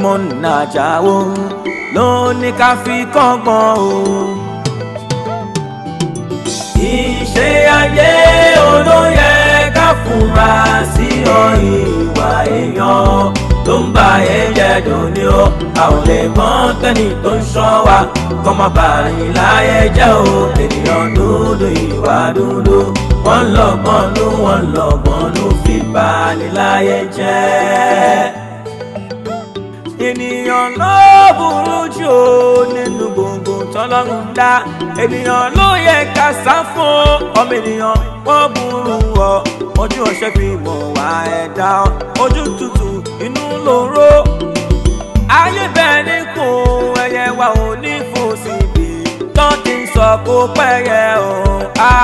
Lukman Àjàó ló ní ká fi kọ́gbọ́n o. ìṣe ayé olóyè ká fura sí ọ ìwà èèyàn tó ń ba ẹ̀jẹ̀ dùn ni ó àwọn lè mọ̀ tẹ́ni tó ń sọ wa kọ́ má bà ní láyé jẹ́ o ènìyàn dúdú ìwà dúdú wọ́n lọ́gbọ́n ló wọ́n lọ́gbọ́n ló fi bà ní láyé jẹ́ ènìyàn ló burú jù nínú gbogbo tọ́lọ́run dá ènìyàn ló yẹ ká sá fún ọmọ ènìyàn wọ́n burú ọ ojú ọ̀sẹ̀ fi mọ̀ wá ẹ̀dá ojú tútù inú lóró ayé bẹ́ẹ̀ ní kò ẹyẹ wa ò ní fò síbi tó ti ń sọ kó pẹ́yẹ o a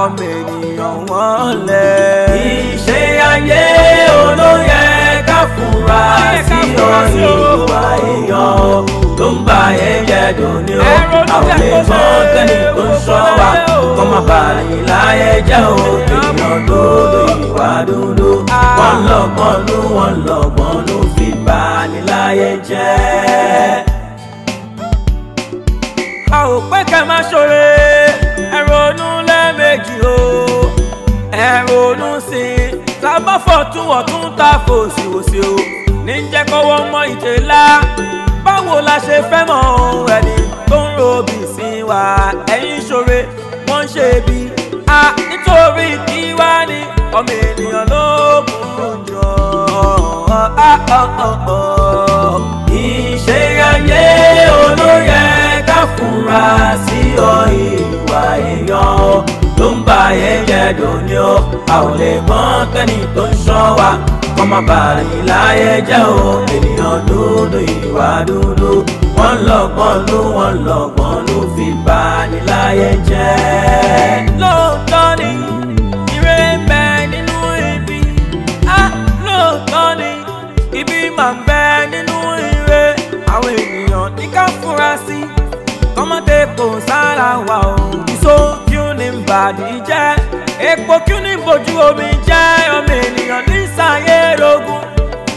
ọmọ ènìyàn wọ́n lẹ̀. ìṣe ayé olóyè fura sí orí ìwà èèyàn tó ń ba ẹ̀jẹ̀ dùn ní o àwọn lè mọ kẹ́ni tó ń sọ wa kọ́ máa bá yín láyé jẹ́ o èèyàn tó lóyún wá dúdú ah. wọ́n lọ́gbọ́n ló wọ́n lọ́gbọ́n ló fi bá ní láyé a ò pẹ́ ká má ṣoore. ká má fọ̀tún ọ̀tún ta kò sí òsì o ní jẹ́ kọ́wọ́ mọ ìtẹ́lá báwo la ṣe fẹ́ mọ ohun ẹni tó ń robì sí wa ẹ̀yin ṣoore wọ́n ṣe bí a nítorí kí wá ní ọmọ ènìyàn ló burú jọ ìṣe ayé olóyè fúnra sí ọ ìwà èèyàn o ló ń ba ẹyẹ dòní o a ò lè gbọ́n kẹ́ni tó ń sọ wa kọ́ má bàa ní láyé jẹ́ o ènìyàn dúdú ìwà dúdú wọ́n lọ́gbọ́n ló wọ́n lọ́gbọ́n ló fi bà ní láyé jẹ́. lọ́ọ̀ wa o. Ìṣó kí ó ní bàdí jẹ́, epo kí ó ní bojú omi jẹ́, ọmọ ènìyàn ní sàyè rogun.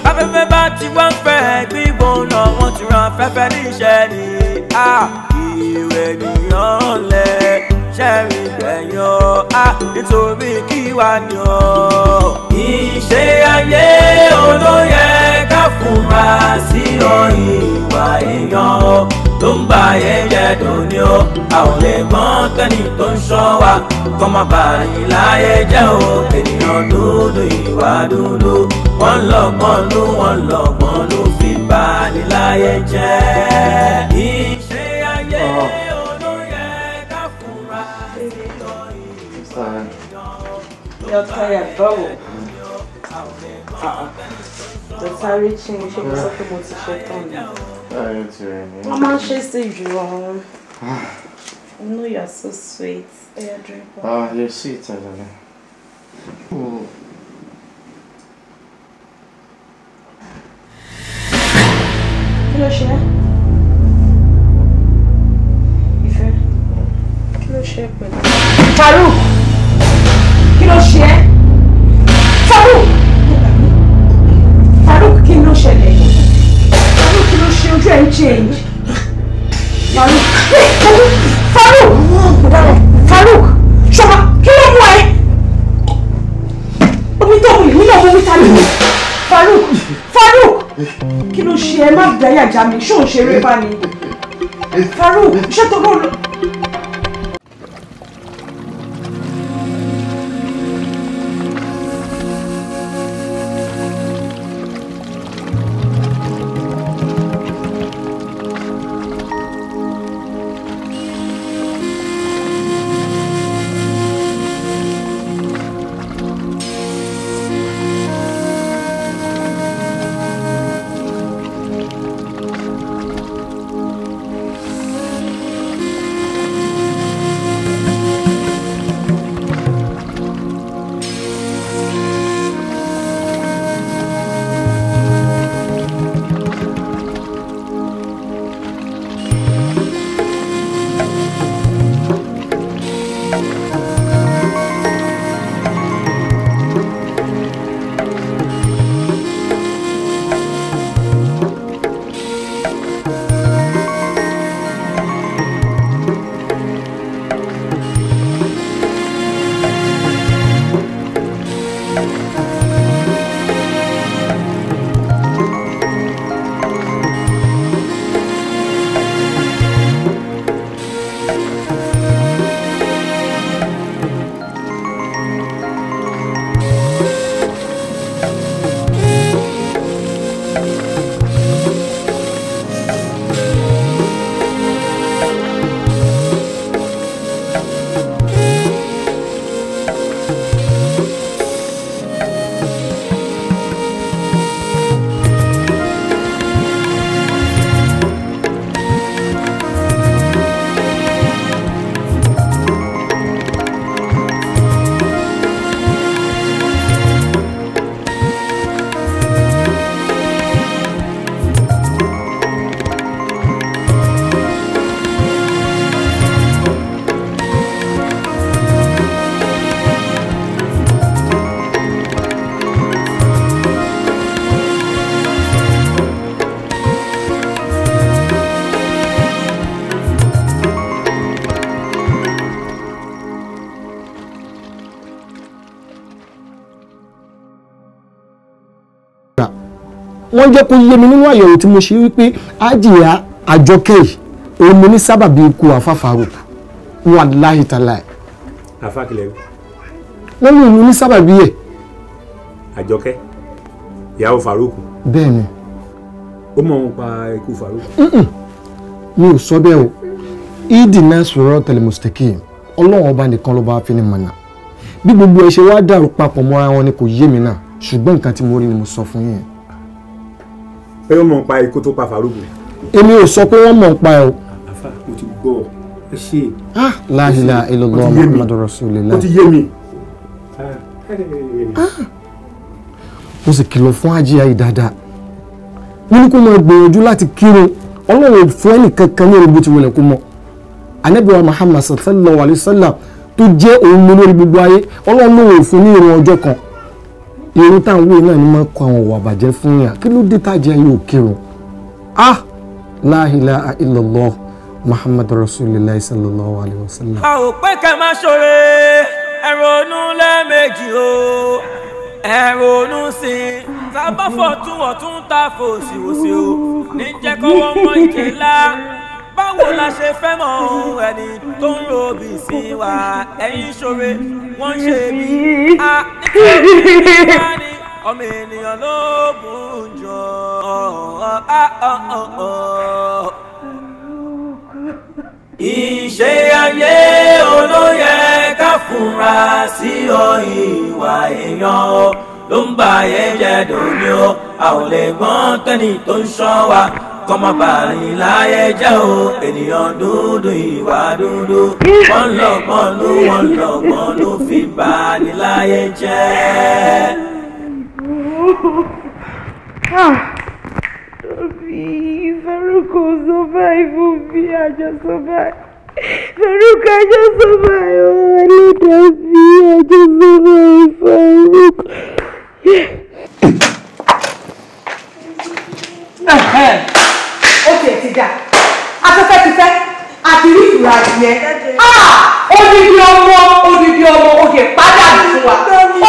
Afẹ́fẹ́ bá ti wá fẹ́ gbígbóná, wọ́n ti ran afẹ́fẹ́ níṣẹ́ ni. A ìwé nìyàn lẹ̀ ṣẹ́rí gbẹ̀yàn á nítorí kí wá ní ọ. Ìṣe ayé olóyè ká fura sí ọ ìwà èèyàn tó ń ba ẹ̀jẹ̀ dùn ni ó a lè gbọ́n kẹ́ni tó ń ṣọ́ wa kọ́ má bà ní jẹ́ o ènìyàn dúdú ìwà dúdú wọ́n lọ́gbọ́n ló wọ́n lọ́gbọ́n ló fi bà ní jẹ́ ìṣe ayé olóyè ká fura ètò ìwà ìdánwò. You're tired, bubble. Uh-uh. The sáré change ṣé mo sọ pé mo ti ṣe tán ni. wọ́n máa ń ṣe sí ìjù ọ̀hún. I know you are so sweet. Oya oh, drink water. Ah, you're sweet, Ajana. Oh. Kí ló ṣe? Ìfẹ́. Kí ló ṣe pẹ̀lú? Farouk! Kí ló ṣe? Farouk! ojú ẹ̀ ń change. Faruk Faruk Faruk ṣọba kí ló mú ẹ? Omi tó mú ìmúlẹ̀ omi ta ni Faruk Faruk kí ló ṣe ẹ má dáyà já mi ṣó ń ṣeré bá mi Faruk ṣé tó jẹ́ kó yé mi nínú àyẹ̀wò tí mo ṣe wípé ájìyà àjọkẹ́ yìí òun mo ní sábàbí ikú àfàfàrò wallahi taala. àfàkìlẹ̀ mi. lẹ́nu ìlú ní sábàbí ẹ̀. àjọkẹ́ ìyàwó farouk. bẹ́ẹ̀ ni. ó mọ̀ wọn pa ikú farouk. mi ò sọ bẹ́ẹ̀ o ìdìnnà sọ̀rọ̀ tẹlẹmùsítẹ́kì ọlọ́run ọba nìkan ló bá fi ní mọ̀nà bí gbogbo ẹ ṣe wá dàrú papọ̀ mọ́ra wọn ni kò yé mi náà ṣùgbọ́n nǹkan tí mo rí ni mo sọ fún yín pé wọ́n mọ̀ pa ikú tó pa Farouk. èmi ò sọ pé wọ́n mọ̀ pa ẹ̀ o. àfa mo ti gbọ́ ọ ẹ ṣe. Ah! la ilaha illallah muhammadur rasulullah. ó ti yé mi. Ah! mo sì kìlọ̀ fún ajíya yìí dáadáa mo ní kó máa gbìyànjú láti kírun ọlọ́run fún ẹnìkankan ní orúkọ tí wọlé kó mọ anabiwa muhammad sallallahu alayhi wa sallam tó jẹ́ òun mi lórí gbogbo ayé ọlọ́run ló wò fún ní ìrun ọjọ́ kan irun tá à ń wé náà ni máa kọ àwọn òwò àbàjẹ́ fún yàn kí ló dé tàjẹ́ yóò kírun ah la ilaha illallah muhammad rasulillah sallallahu alayhi wa sallam. a ò pé ká má ṣoore ẹ lẹ́ẹ̀mejì o ẹ sí i sábà fọ̀tún ọ̀tún ta fòsíwòsí o níjẹ́ kọ́wọ́ mọ́ báwo la ṣe fẹ́ mọ ẹni tó ń lo òbí sí wa ẹ̀yin ṣoore wọ́n ń ṣe bí a nítorí wá ní ọmọ ènìyàn ló bùn jọ ìṣe ayé olóyè ká fura sí ọ ìwà èèyàn o ló ń bàyẹ̀ jẹ́ dòní o a ò lè gbọ́n kẹ́ni tó ń ṣọ́ wa kọ́mọ bàrin láyé jẹ́ o ènìyàn dúdú ìwà dúdú wọ́n lọ́gbọ́n ló wọ́n lọ́gbọ́n ló fi bà ní láyé jẹ́. Ah, Tobi, so survive, Obi, I just survive. Faruko, I just survive. Oh, I need Tobi, I so survive, Faruko. Yeah tiẹ̀ ti dà afẹ́fẹ́ ti fẹ́ àti rí ìtura yẹn odidi ọmọ odidi ọmọ òde padà fún wa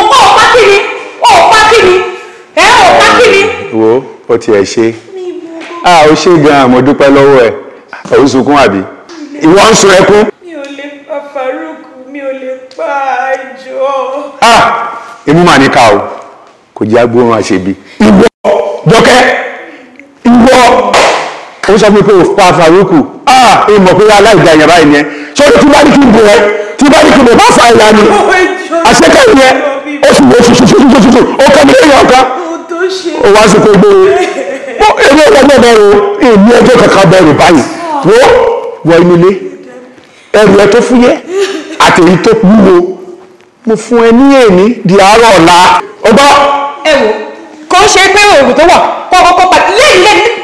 ọkọ ọ̀pá kìíní ọ̀pá kìíní ẹ̀ ọ̀pá kìíní. wo ó tiẹ̀ ṣe a ó ṣe gan-an mo dúpẹ́ lọ́wọ́ ẹ̀ òun sunkún àbí ìwọ ń sun ẹkún. mi ò lè pa Farouk mi ò lè pa àjọ. imú mà ní ká o kò jẹ́ agbóhùn àṣebi. ìwọ dọ́kẹ́ ìwọ ó sọ pé o pa fàrúkù ah ìmọ̀ pé aláìda èèyàn báyìí yẹn sórí tí bá ní kí n bò ẹ tí bá ní kí n bò bá fà ìyá ni àṣekẹ́ yẹn oṣù oṣù ṣùṣùṣùṣùṣù ó kọ́ mi lẹ́yìn ọ̀kan ó wá sí pé gbére èmi ò lọ́gbọ́n bẹ̀rù èmi ẹjọ́ kankan bẹ̀rù báyìí wọ́ wọ inú ilé ẹrù ẹ tó fúyẹ́ àtẹ̀yí tó wúwo mo fún ẹ ní èmi di àárọ̀ ọ̀la ọgbọ́n. ẹ wò kò ń ṣe pé òògùn tó wà kọ́kọ́kọ́ pàdé lẹ́yìn lẹ́yìn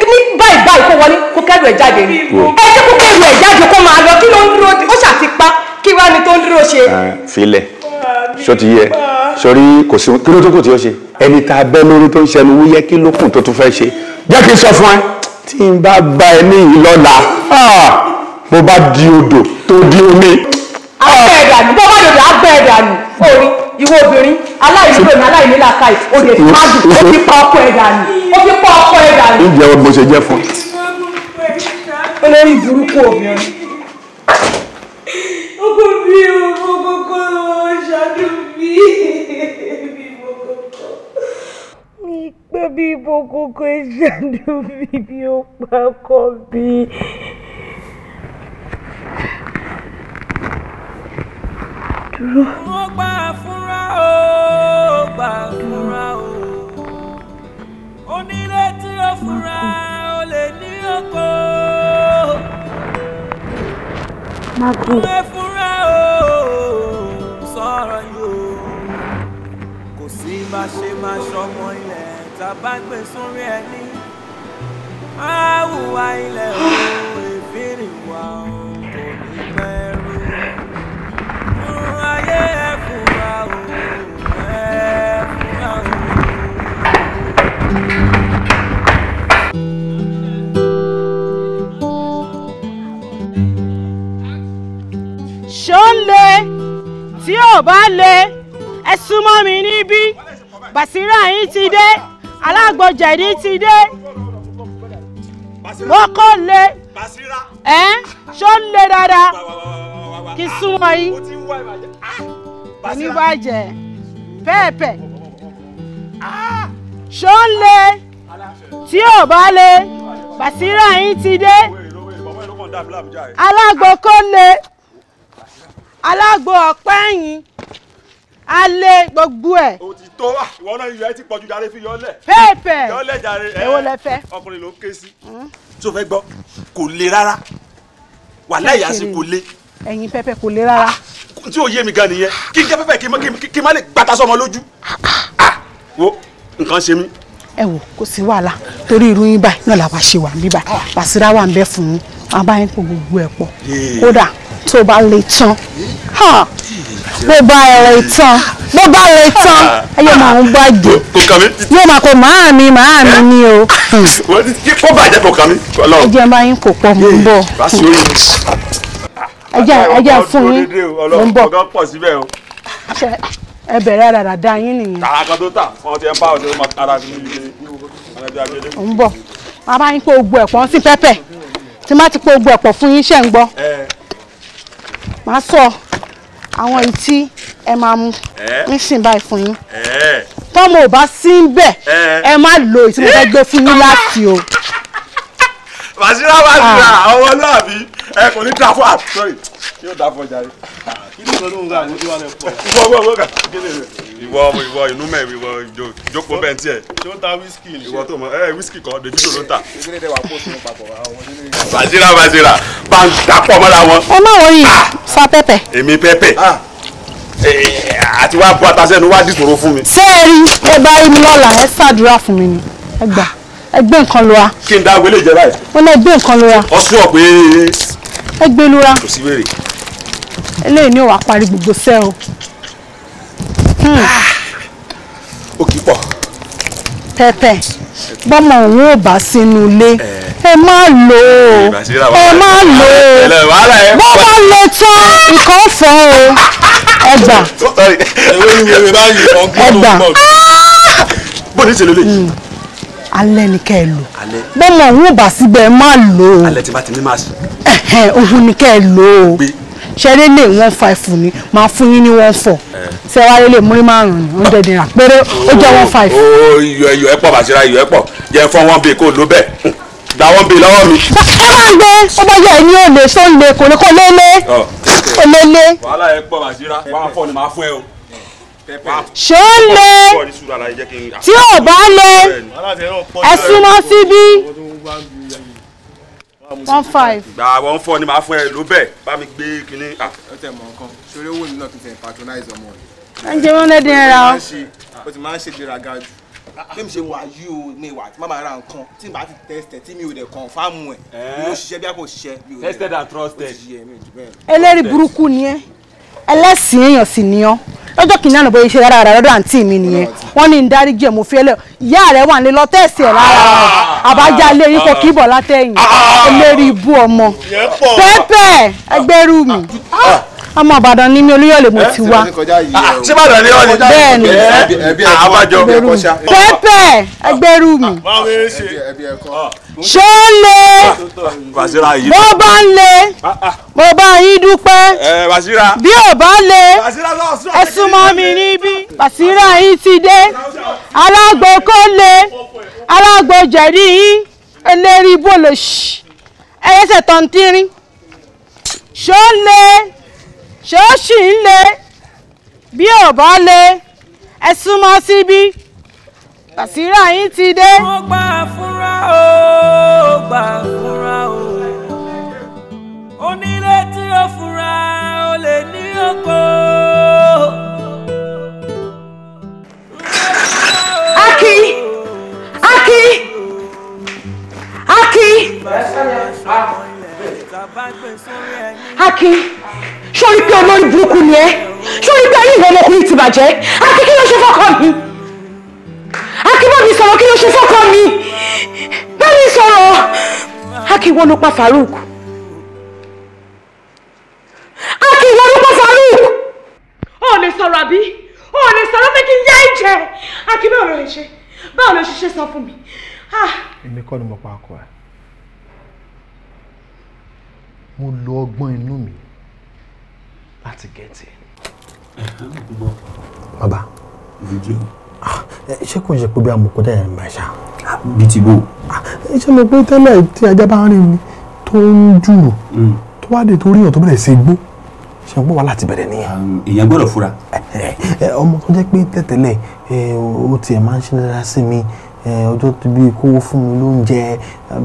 báyìí kó wọlé kó kẹ́rù ẹ̀ jáde ni ẹ jẹ́ kó kẹ́rù ẹ̀ jáde kó máa lọ kí ló ń dúró ó ṣàtipá kí wá ni tó ń dúró ṣe. filẹ̀ ṣó ti yẹ sórí kò sí kí ló tó kù tí ó ṣe ẹni tá a bẹ́ lórí tó ń ṣẹnu wúyẹ́ kí ló kù tó tún fẹ́ ṣe jẹ́ kí n sọ fún ẹ tí n bá ba ẹ ní ìlọ́la ah, mo bá di odò tó di omi. abẹ́ ah. ẹ̀dà ni bọ́ bá dòdò abẹ́ ẹ̀dà ni orí òde fàájì ó ti pa ọkọ ẹ̀dà ni ó fi pọ́ ọkọ ẹ̀ dànù. ìjẹ́ ọ bó ṣe jẹ́ fún. olórí burúkú obìnrin. ọkọ mi ò mọ kókó ṣáájú mi mi mọ kókó. mi pé bí mo kókó ṣáájú mi bí ó pa ọkọ mi. dúró. mo gbà fúnra o gbà fúnra o fúnra o lè ní oko. Òwe fúnra o sọ̀rọ̀ yóò. Kò sí bá ṣe máa ilẹ̀ tá gbé sórí ẹni. Á ilẹ̀ o, èfìrì wà o, kò ní pẹ́ rú. Fún ayé ẹ̀ fúnra o, ẹ̀ fúnra tí ò bá le ẹ súnmọ́ mi níbí Bàṣírà yín ti dé alágbòjẹ̀dí ti dé mo kò le ẹ ṣó le dáadáa kí súnmọ́ yín oníbàjẹ́ pẹ́ẹ̀pẹ́ ṣó le tí ò bá le Bàṣírà yín ti dé alágbòkó le alágbo ọ̀pẹ́yìn alẹ́ gbogbo ẹ̀. o ti tó wa ìwọ náà iyọ̀ ẹ ti pọ̀jù jàre fi yọ lẹ̀. pépè yọ lẹ̀ jàre ẹ èwo lẹ fẹ́. ọkùnrin ló ké sí. tí hmm? o fẹ́ gbọ́ kò le rárá wàhálà ìyá sí kò le. ẹ̀yin pẹpẹ kò le rárá. Ah, tí o yé mi gan nìyẹn kí n jẹ pẹpẹ kí n má lè gbàtà sọmọ lójú. Ah, wo nǹkan ṣe mí ẹ wò kò sí wàhálà torí irú yín báyìí náà làwa ṣe wà ń bí báyìí bàṣírà wà ń bẹ fún un abáyín kò gbogbo ẹ pọ kódà tó bá lè tán bó bá lè tán bó bá lè tán ayé máa ń bàjẹ́ yóò máa kó màámi màámi ni o. kó bàjẹ́ kò kàn mí. ẹ jẹ́ bá yín kò pọ̀ mọ́ ń bọ̀ ẹ jẹ́ ẹ jẹ́ fún yín mọ́ ń bọ̀ ẹ bẹ̀rẹ̀ àràdà yín nìyẹn. tàà kan tó tà wọn ti ẹ bá ọdún ọmọ ara mi ń bọ̀ bàbá yín pé ogbó ẹ̀pọ̀ sí pẹ́pẹ́ tí má ti pé ogbó ẹ̀pọ̀ fún yín ṣẹ̀ ń gbọ́ màá sọ àwọn èyí tí ẹ máa mu nísìn báyìí fún yín tọ́mọ ò bá sí ń bẹ̀ ẹ má lo èyí fẹ́ gbé fún yín láti o. bàṣírà bàṣírà ọmọ náà bí ẹ kò ní dáfọ́ àtúntò yìí yóò dáfọ́ jàre kí ni ìtọ́jú ń gbà ní ìwà rẹ̀ pọ̀ ìfọwọ́ ìwọ ìwọ inú mẹ ìwọ ìjókòó bẹ́ẹ̀ tiẹ̀. ṣé ó ń ta wíṣkì ni. ìwọ tó mọ ẹ wíṣkì kan Davido ló ń tà. bàzíra bàzíra bá ń dàpọ̀ mọ́ra wọn. ẹ má wọrí fa ah! pẹ́pẹ́. èmi pẹ́pẹ́ ah! àti wàá bu atasẹ́nu wàá dìtòrò fún mi. ṣé ẹ rí ẹ bá rí mi lọ́la ẹ ṣàdúrà fún mi ni ẹ gbà ẹ gbé nǹkan lura. kí n dá wọlé jẹ báyìí. wọn lè gbé nǹkan lura. ọsùn ọ pé. ẹ gbé lura. kò sí wèrè. eléyìí ni ò wá parí gbogbo sẹ́ẹ̀ o òkì hmm. pọ̀. tẹ́tẹ́ bọ́mọ òun ò bá sínú ilé ẹ má lò ó ẹ má lò ó bọ́ bá lè tán nǹkan fọ́ o ẹgbà ẹgbà bó ní ìṣèlú lè hmm. alẹ́ ni kẹ́ ẹ lò bọ́mọ òun ò bá síbẹ̀ ẹ má lò ó alẹ́ tí ti ní máa sùn ni kẹ́ ẹ lò ó ṣẹ́rẹ́ lè one five ni máa fún yín ní one four ṣe wáyé lè múrí márùn-ún ní hundred naira péré ó jẹ́ one five. o oh, oh, iyọ̀ iyọ̀ ẹ pọ̀ bàṣẹ́ra iyọ̀ ẹ pọ̀ jẹ́ fún one bay kó ló bẹ́ẹ̀ gba one bay lọ́wọ́ mi. ẹ má gbé ó bá yẹ ẹni ò lè ṣó ń lè kò ní kò lé lé kò lé lé. wàhálà ẹ pọ̀ bàṣẹ́ra one four ni màá fún ẹ o ṣé ó lé tí ò bá lé ẹ súnmọ́ síbí one five. gba one four ni màá fún ẹ ló bẹ́ẹ̀ bá mi gbé kínní. Ah. ó tẹ̀ mọ́ nǹkan ṣeré owó mi náà kì í patronize ọmọ rẹ̀. ẹ jẹ́ one hundred naira o. o ti máa ń ṣe ìgbéraga jù bí mi ṣe wà yí o ní ìwà tí màmá ra nǹkan tí màá ti tẹ́sítẹ̀ tí mi ò dẹ̀ confirm ẹ̀ mi ò ṣiṣẹ́ bí a kò ṣiṣẹ́. tested and trusted. eléyìí burúkú ni ẹ ẹlẹ́sìn èèyàn sì ni ọ́ lọ́jọ́ kìíní àná bóyá iṣẹ́ rárá lọ́dọ̀ àǹtí mi nìyẹn wọ́n ní ń dáríjì ẹ̀ mo fi ẹlẹ́ ìyá rẹ̀ wà ní lọ tẹ̀sí ẹ̀ lára rẹ̀ àbájá ilé yìí kò kíbọ̀ látẹ̀yìn olórí ibú ọmọ pẹ́pẹ́ ẹgbẹ́rú mi. Ah, ọmọ ìbàdàn ni mi olúyọ̀lé mo eh, ti wá. ṣé ah, ah, bàdàn ni ọ́ ni. bẹ́ẹ̀ni ẹbí ẹ̀kọ́ pẹ́pẹ́ ah. ẹgbẹ́rú mi. ṣé ó bó bá ń le mo bá yín dúpẹ́ eh, bí ò bá le ẹ súnmọ́ mi níbí bàṣírà yín ti dé alágbo kó le alágbo jẹ̀rí yín eléri bòlòṣì ẹyẹsẹ̀ tọ̀ntínrín ṣó le ṣé ó ṣì ń le bí ò bá le ẹ súnmọ́ síbí Bàṣírà yín ti dé. mo gbà fúnra o gbà fúnra o onílé tí ó fura ó lè ní oko. Aki Aki Aki Aki sórí pé olórí burúkú ni ẹ sórí pé ayé ìwọ ọmọkùnrin ti bàjẹ́ àti kí ló ṣe fọ́kọ mi akíbọ̀bí sọ̀rọ̀ kí ló ṣe fọ́kọ mi bẹ́ẹ̀ni sọ̀rọ̀ akíwọ́n ló pa Farouk akíwọ́n ló pa Farouk ó lè sọ̀rọ̀ àbí ó lè sọ̀rọ̀ pé kí n yá ìjẹ́ akíbọ̀ ò lè ṣe báwo ló ṣiṣẹ́ sọ fún mi. Ah. èmi kọ́ ni mo pa ọkọ ẹ̀ mo lo ọgbọ́n inú mi láti gẹ̀ẹ́tì. Uh-huh. bàbá ah, ṣé kò ṣe pé bí amòkúta yẹn ń bá ṣá. bí ti bò. ṣé mo pé tẹ́lẹ̀ tí ajá bá ń rìn ni tó ń jùrù mm. tó wá dé torí èèyàn tó bẹ̀rẹ̀ sí gbó ṣe ń gbọ́ wá láti bẹ̀rẹ̀ nìyẹn. Um, èèyàn gbọ́dọ̀ fura. Eh, eh, eh, ọmọ tó jẹ́ pé tẹ̀tẹ̀lẹ̀ ó tiẹ̀ máa ń ṣe dára sí mi ọjọ́ tó bí kó fún mi lóúnjẹ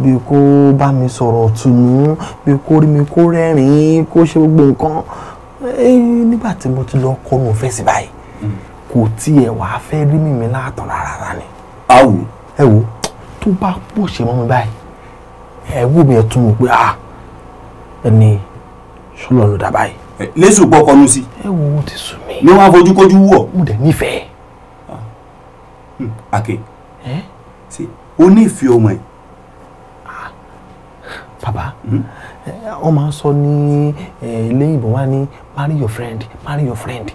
bí kó bá mi sọ̀rọ̀ tùnú bí kó rí mi kó rẹ́rìn-ín kó ṣe gbogbo nǹkan nígbà tí mo ti lọ kọnu fèsì báyìí mm. kò tiẹ̀ wàá fẹ́ rí mímí látàn rárá ni. awo ẹ wo tó bá pò ṣe mọ́ mi báyìí ẹ wò mí ẹ tún mọ̀ pé ah ẹni sọlọ ló dà báyìí. lẹ́sùn gbọ́ kọnu sí. ẹ wo o ti sùn mí. ló wáá fojú kojú wọ̀. mo dẹ̀ nífẹ̀ẹ́. Ah. Hmm, àkè ṣe o nífẹ̀ẹ́ ọmọ ẹ̀. Ah, bàbá hmm? wọ́n máa ń sọ ní ẹ̀ẹ́dẹ́gbẹ̀wá ní marry your friend marry your friend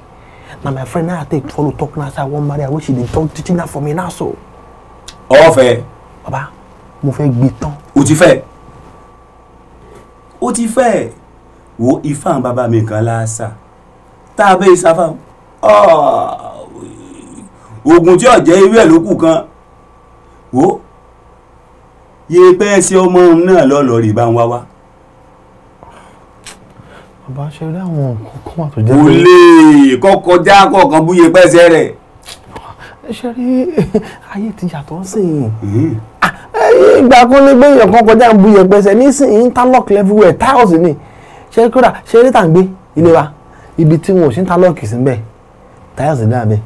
na my friend na i take follow talk na say i wan marry her wey she dey talk teaching na for me na so. ọwọ́ fẹ́. baba mo fẹ́ gbé tán. o ti fẹ́ o ti fẹ́ wo ifá bàbá mi kan láàṣà tá a bẹ́ ìsáfà oògùn tí ọ̀jẹ̀ ewé ẹ̀ ló kù kan wo yé pẹ́ẹ́sì ọmọ náà lọ́ọ́ lọ́ọ́ rí bá ń wá wá bá ṣe rí àwọn nǹkan kan wà tó jẹ́ pé. kò lè kọ́kọ́ já kọ̀ọ̀kan búye pẹ́sẹ́ rẹ̀. ṣe rí ayé ti yàtọ̀ sí i hmm. ìgbà kan ní gbé èèyàn kan kọjá ń búye pẹ́sẹ́ nísìnyí interlock everywhere tiles ni ṣe kódà ṣe rí tàǹgbé ilé wa ibi tí wọn ò sí interlock sí ń bẹ̀ tiles ní àbẹ̀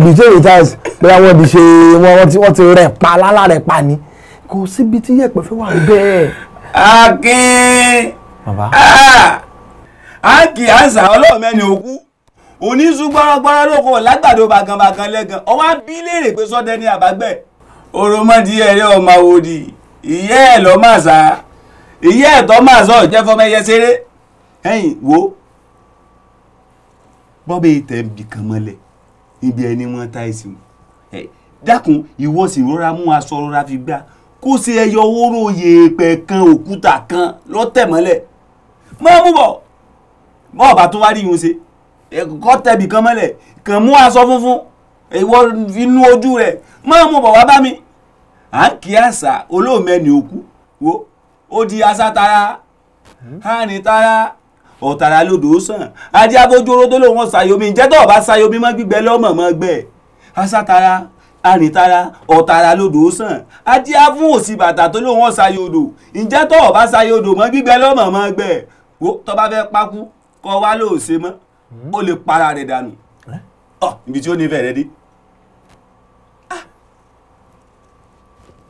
ibi tí èrè tiles bóyá wọ́n ti ṣe wọ́n ti rẹ̀ pa lálá rẹ̀ pa ni kò síbi tí yẹ̀pẹ̀ fẹ́ wà bẹ́ẹ̀. akin. bàbá. Ah! áàkì àṣà ọlọ́ọ̀mẹ́ni òkú oníṣu gbọ́rọ́gbọ́rọ́ lóko lágbàdo bàgànbàgàn lẹ́gàn ọwọ́ bí léèrè pé sọ́dẹ ní àbágbẹ́ oromọ́dí ẹ̀rẹ́ ọmọ òdì ìyẹ́ ẹ̀ lọ́ máa sá ìyẹ́ ẹ̀ tọ́ máa sọ jẹ́ fọmẹyẹ ṣeré ẹ̀yìn wo bọ́bẹ̀ ìtẹ̀ bìkan mọ́lẹ̀ níbi ẹni wọn ta ìsìn ẹ̀ dákun ìwọ sì rọra mú aṣọ rọra fi gbá kó ṣe ẹyọ wóró yèèpẹ̀ kan òkúta kan lọ́tẹ̀ mọ́lẹ̀ máa mú bọ̀ bọ́ọ̀ bá tún wá rí ìhun ṣe kọ́ tẹ̀bì kan mọ́lẹ̀ kàn mú aṣọ funfun ìwọ inú ojú rẹ̀ máa mú bọ̀ wá bá mi à ń kí àṣà olóòmẹ́ni òkú wo ó di aṣá tara hánì tara ọ̀tàrà lodò sàn ajé abójúoró tó lòun ṣàyomi ǹjẹ́ tó o bá ṣàyomi mọ́ gbígbẹ lọ́mọ̀ mọ́ gbẹ aṣá tara hánì tara ọ̀tàrà lodò sàn ajé afún òsì bàtà tó lòun ṣàyodò ǹjẹ́ tó o bá ṣàyodò mọ́ gbígbẹ lọ́mọ̀ mọ́ gbẹ wo tó fẹ́ pákú kọ́ wá lóò ṣe mọ́ hmm? ó lè para rẹ̀ dànù ọ ibi tí ó ní fẹ̀rẹ̀ dé. Ah!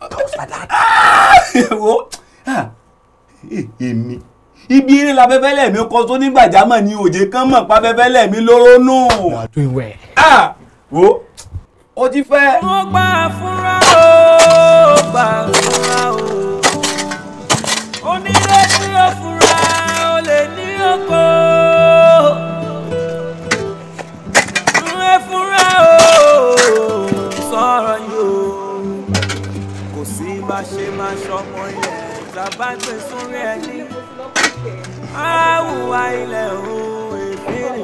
Ah! Ah! Eh, èmi ibi eré la fẹ́fẹ́ lẹ́ẹ̀mí kọ́ tó nígbàjámọ̀ ni òjé kan mọ̀ pa fẹ́fẹ́ lẹ́ẹ̀mí lóró nù. wo ó ti fẹ́. mo gbà fúnra ó gbà fúnra ó. ṣe máa ṣọmọ ilẹ̀ bàbá sórí ẹni àwùwá ilẹ̀ òun èbìrì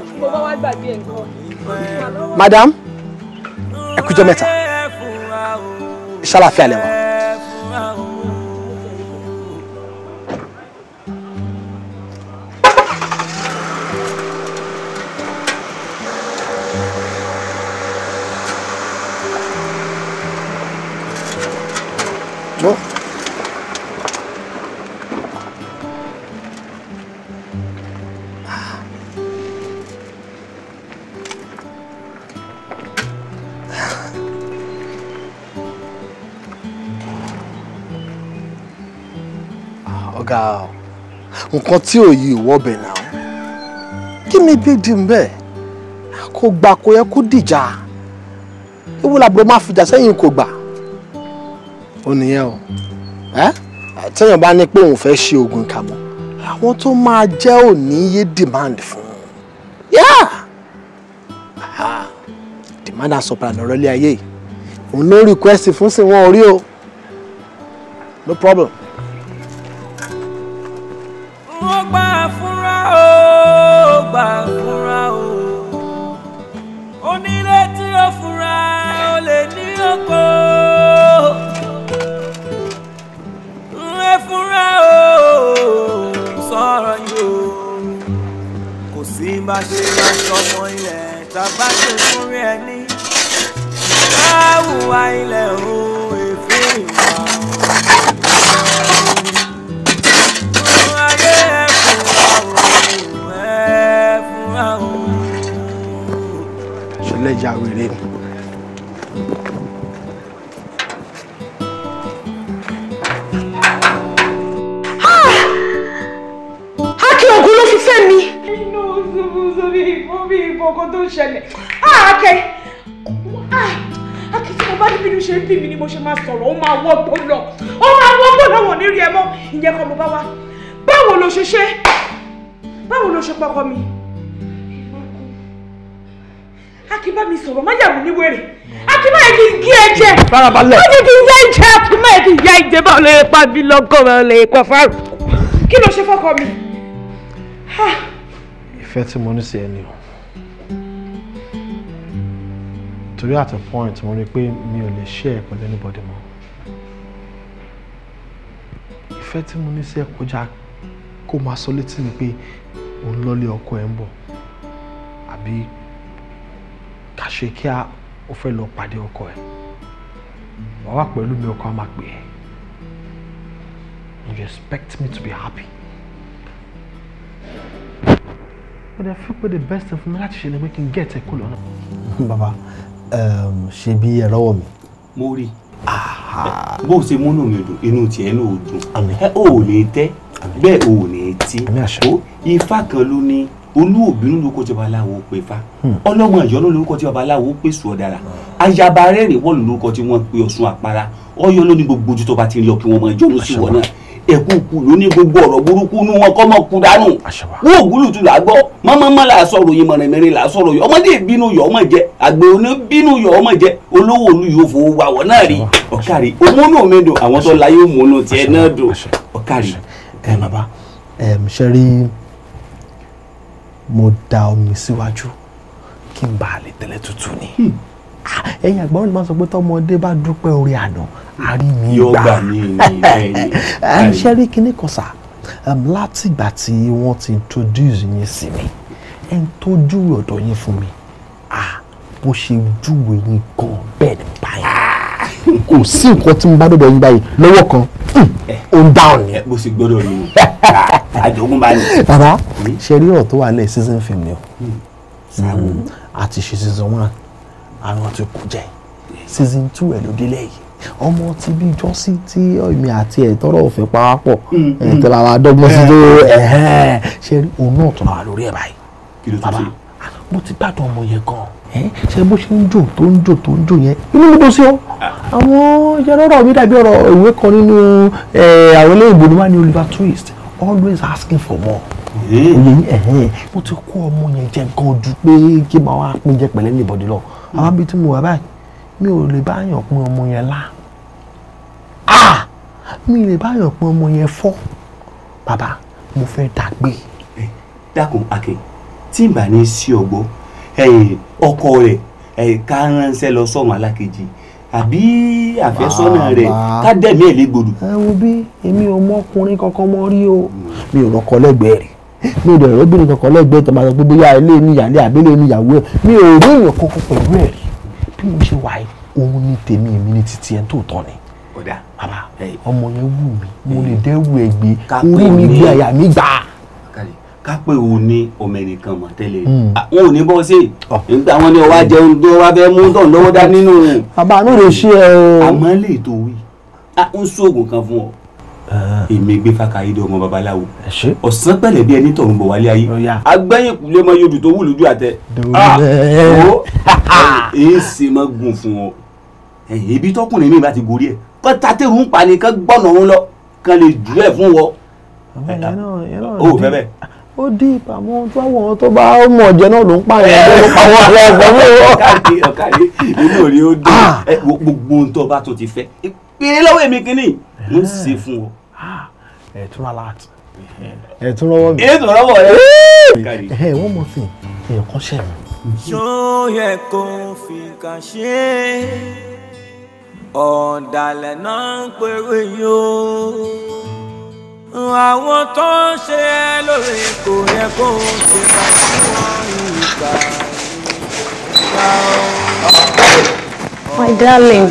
wọn. madam ẹ kújọ́ mẹ́ta ṣàlàfíà lẹ́wà. ọ̀gá nǹkan tí ò yí ìwọ́ bẹ̀ náà kí ni bí di mbẹ́ kò gbà kò yẹ kó dìjà ewu làbúrò máa fìjà sẹ́yìn kò gbà ó nìyẹn o ẹ́ tẹ́yàn bá ní pé òun fẹ́ ṣe oògùn ìkàmọ́ àwọn tó máa jẹ́ òní yé demand fún un yeah demand and supply lọ́rọ́ ilé ayé òun ló request fún sí wọn orí o no problem. mi sọ̀rọ̀ má yà ní wèrè akínmá yẹ kí n gé ẹ farabalẹ̀ má yẹ kí yá ẹ jẹ yẹ kí n yá ẹ jẹ báwo pa bí lọ́kọ̀ báwo lè pa fáàrù. kí ló ṣe fọkọ mi. ìfẹ́ tí mo ní sí ẹ o torí at a point mo rí pé mi ò lè share pẹ̀lú anybody mọ́ ìfẹ́ tí mo ní sí ẹ kọjá kó máa sọ létí mi pé òun lọ́lé ọkọ ẹ̀ ń bọ̀ àbí àṣekíá ó fẹ́ lọ pàdé ọkọ ẹ̀ wà wá pẹ̀lú mi ọkọ máa pè é you expect me to be happy but I feel pé the best thing fún mi láti ṣe ni pé kí n get ẹ kú lọ́nà. Baba, ṣe bí ẹ rọwọ mi. mo rí bó ṣe múnú mi dùn inú tiẹ̀ náà ò dùn ẹ ò ní tẹ́ bẹ́ẹ̀ ò ní tí ifá kan ló ní olúwòbínú lórúkọ tí babaláwo pè fa hmm. ọlọ́mọ ìyọ́nú lórúkọ tí babaláwo pè sùn ọ̀dàrà ayaba rẹ́rìn wọ́ọ̀lù lórúkọ tí wọ́n pe ọ̀ṣun àpárá ọyọ́ ló ní gbogbo ojú tó bá ti lọ kí wọ́n mọ ìjọ́nú sí wọn náà ẹ̀kú kù ló ní gbogbo ọ̀rọ̀ burúkú nú wọn kọ́ mọ́ kú dànù wọ́n ògúlùtù là gbọ́ mọ́mọ́mọ́ là sọ̀rọ̀ yìí mọ̀rẹ̀ mẹ́rin là sọ̀rọ̀ yìí ọmọdé bínú yọ̀ ọmọ jẹ àgbẹ̀ bínú yọ̀ ọmọ jẹ olówó olú yóò fowó wa wọ̀ náà rí ọ̀kàrí òmónú mẹ́dùn àwọn tó láyé òmónú tiẹ̀ náà dùn ọ̀kàrí. ẹ bàbá ṣe rí mo da omi síwájú kí n bá a lè tẹ̀lé tútù ni. Hmm. Ah, ẹ̀yin àgbà wọn ni máa sọ pé tọmọdé bá dúpẹ́ orí àná àrí mi gbà ṣe rí kinní kan láti ìgbà tí wọ́n ti introduce yín sí mi ẹ̀ ń tójú ọ̀dọ̀ yín fún mi ah, bó ṣe júwe yín gan bẹ́ẹ̀ ni báyìí kò sí nǹkan tí mo bá dọ̀dọ̀ yín báyìí lọ́wọ́ kan hmm, ó ń dáhùn ni. bó ṣe gbọ́dọ̀ ni àjogún bá ní. bàbá hmm? ṣe rí ọ̀rọ̀ wà lẹ́ẹ̀ season film ni o hmm. àti ṣe season one àwọn ti kú jẹ season two ẹ̀ ló délẹ̀ yìí ọmọ ti bí jọ́sí tí èmi àti ẹ̀tọ́rọ̀ òfin pawápọ̀ ẹ̀tọ́ la wa dọ́gbọ́n sí tó ṣe rí òun náà tó la wà lórí ẹ̀ báyìí bàbá mo ti gbádùn ọmọ yẹn gan-an ṣe bó ṣe ń jò tó ń jò tó ń jò yẹn inú mi tó sí ọ àwọn yẹn lọ́rọ̀ mi dàbí ọ̀rọ̀ ìwé kan nínú àwọn ilé ìgbòho wa ní Oliver Twist always asking for more mo ti kó ọmọ yẹn jẹ nǹkan ojú pé kí màá wá pín jẹ pẹ̀lẹ́ níbọ̀dí lọ àwọn bíi tí mo wà báyìí mi ò lè bá yàn pín ọmọ yẹn lá mi lè bá yàn pín ọmọ yẹn fọ́ bàbá mo fẹ́ dàgbé. dákun akẹ́ tí ìgbà ní sí ọgbọ́n ọkọ rẹ̀ ká ránṣẹ́ lọ sọ́run alákejì àbí àfẹ́sọ́nà rẹ̀ ká dẹ̀mí ẹ̀ légbodò. ẹ wo bí èmi ò mọkùnrin kankan mọ rí o mi ò rọkọ lẹ́gbẹ̀ẹ́ rẹ̀ mi ò dẹ̀rẹ̀ obìnrin kankan lẹ́gbẹ̀ẹ́ tó máa sọ pé bóyá ilé ní ìyáálé àbílẹ̀ ní ìyàwó ẹ̀ mi ò rí èèyàn kankan pẹ̀lú ẹ̀ bí mo ṣe wà yìí òun ní tèmi èmi ní títí ẹ̀ tó tọ́ ni bàbá ọmọ yẹn wù mí mo lè dẹ́wù ẹ̀ gbé orí mi gbé àyà mi gbà á kápẹ́ o ní ọmọ ẹnìkan mọ̀ tẹ́lẹ̀ wọn hmm. ò ní bọ́ sí nígbà wọn ni ọwọ́ jẹun tó wá bẹ́ẹ̀ mú tọ̀ lọ́wọ́ dá nínú rẹ̀. bàbá mi rè ṣe ẹ o. àmọ́ lè tó wí ń sóògùn kan fún ọ. Eh. èmi gbé fàkàyé dé ọmọ babaláwo ọ̀sán pẹ̀lẹ́ bí ẹni tọ̀ ń bọ̀ wálé ayé agbẹ́yìn kúlẹ̀ mọ yodù tó wù lójú àtẹ. Ah, èyí ṣe máa gùn fún ọ ibi tọkùnrin mi bá ti gorí ẹ kọ́ tatẹ́rù ń pa ni kán gbọ́nà òun lọ kán lè jù ẹ̀ fún wọ. ó fẹ́ bẹ́ẹ̀ ó dí ìpamọ́ tó àwọn tó bá mọ̀ jẹ náà ló ń pààyàn ẹgbẹ́ ló pàwọ́ àwọn ọ̀gbọ́n mi rọ. ọ̀kàrí ọ̀kàrí inú rí ó dé ah! gbogbo ohun tó bá tó ti fẹ́ ìpínlẹ̀ lọ́wọ́ èmi kìíní ló ń ṣe fún ọ. Ah! ẹ̀tún alert ẹ̀tún lọ́wọ́ mi. ètò lọ́wọ́ rẹ. Eh, ẹ wọ́n mọ̀ sí èèyàn kan ṣẹ̀ mí. ṣó yẹ kó fi kà ṣe ọ̀dàlẹ̀ náà péré yóò àwọn tó ń ṣe é lórí kò yẹ kó o ṣe bá wọn ìgbà ìgbà o. My darling.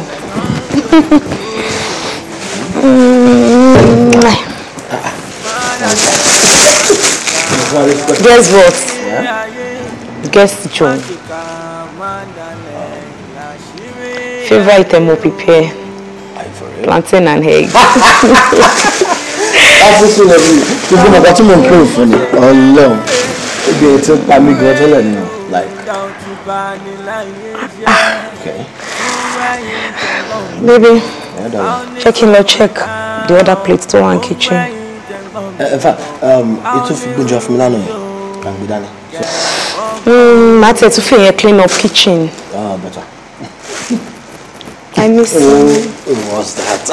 Guess what? Yeah? Guess John. Favorite item will prepare plantain and egg. everything every gbogbo nǹkan tí mo ń pè fún ni ọlọ́run ebi ẹ̀ ti pa mí gan tẹ́lẹ̀ ni baby jẹ́ kí n lọ check the other plate tó wà ní kitchen. Eh, in fact um, ètò fi gbóúnjẹ fún mi lánàá yẹn kàn gbé dání. Hmm, màá tiẹ̀ tún fi yẹn clean up kitchen. ah better. I miss you. Who was that?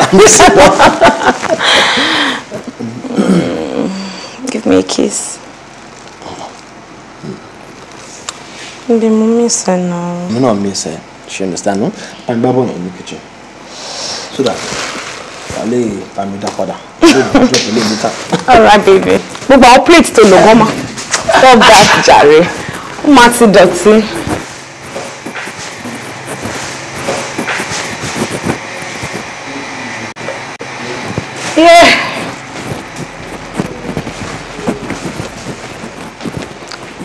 Give me a kiss. Maybe mo miss no. No, You not miss her. She understand, no? I'm babbling in the kitchen. So that alẹ́ àmì dá padà lóògùn tó pẹ̀lú ìlú ta. ọ̀rá bèbè gbogbo àwọn plate tó lò gan ma wọ́n bá jàre ó máa Yeah.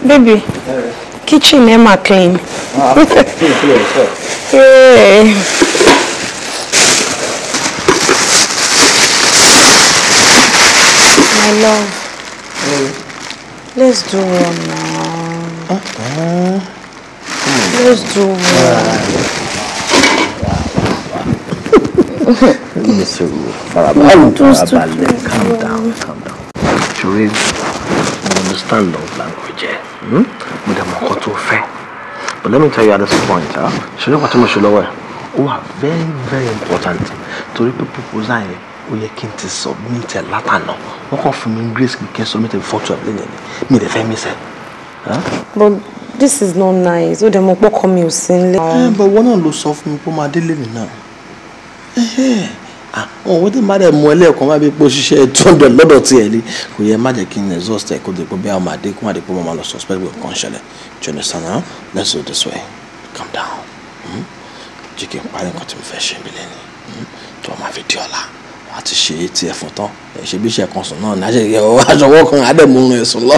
Baby. Yeah. Kitchen ẹ clean. Ah, Yeah. My love. Hey. Let's do one now. Uh -uh. Let's do one. Uh -uh. farabalẹ̀ farabalẹ̀ calm down calm down ṣùgbọ́n mo understand love language Hmm? mo dẹ̀ not ọkọ tó fẹ́ but let me tell you at this point ṣùgbọ́n pàtó mo ṣe lọ́wọ́ ẹ̀ ó wà very very important To pé proposal we are keen to submit a letter now. kàn fún mi grace kí n submit ẹ̀ fọ́tò ẹ̀ lẹ́yìn mi ìdẹ̀fẹ́ mi sẹ́. but this is not nice ó dẹ̀ mọ̀ pọ́kọ mi ò sí nílé. ẹ bọ̀ wọ́n náà ló sọ fún mi pé ó àwọn ah! tí n bá dẹ̀ mú ẹ lẹ́ẹ̀kan máa bí pé ó ṣiṣẹ́ two hundred lọ́dọ̀ tiẹ̀ ni kò yẹ má jẹ́ kí n exhaust ẹ̀ kó di pé bí àwọn máa dé kó má di pé mo máa lọ suspect pé nǹkan ṣẹlẹ̀ do you understand now let's do this way calm down hmm? jí kí n parí nǹkan tí mo fẹ́ ṣe mí lẹ́ni hmm? tó o máa fi di ọ̀la wàá ti ṣe é tiẹ̀ fún tán ṣe bí iṣẹ́ kan sùn náà náà ṣe yẹ ọ aṣọ wọ́n àdẹ̀mú rẹ̀ sùn lọ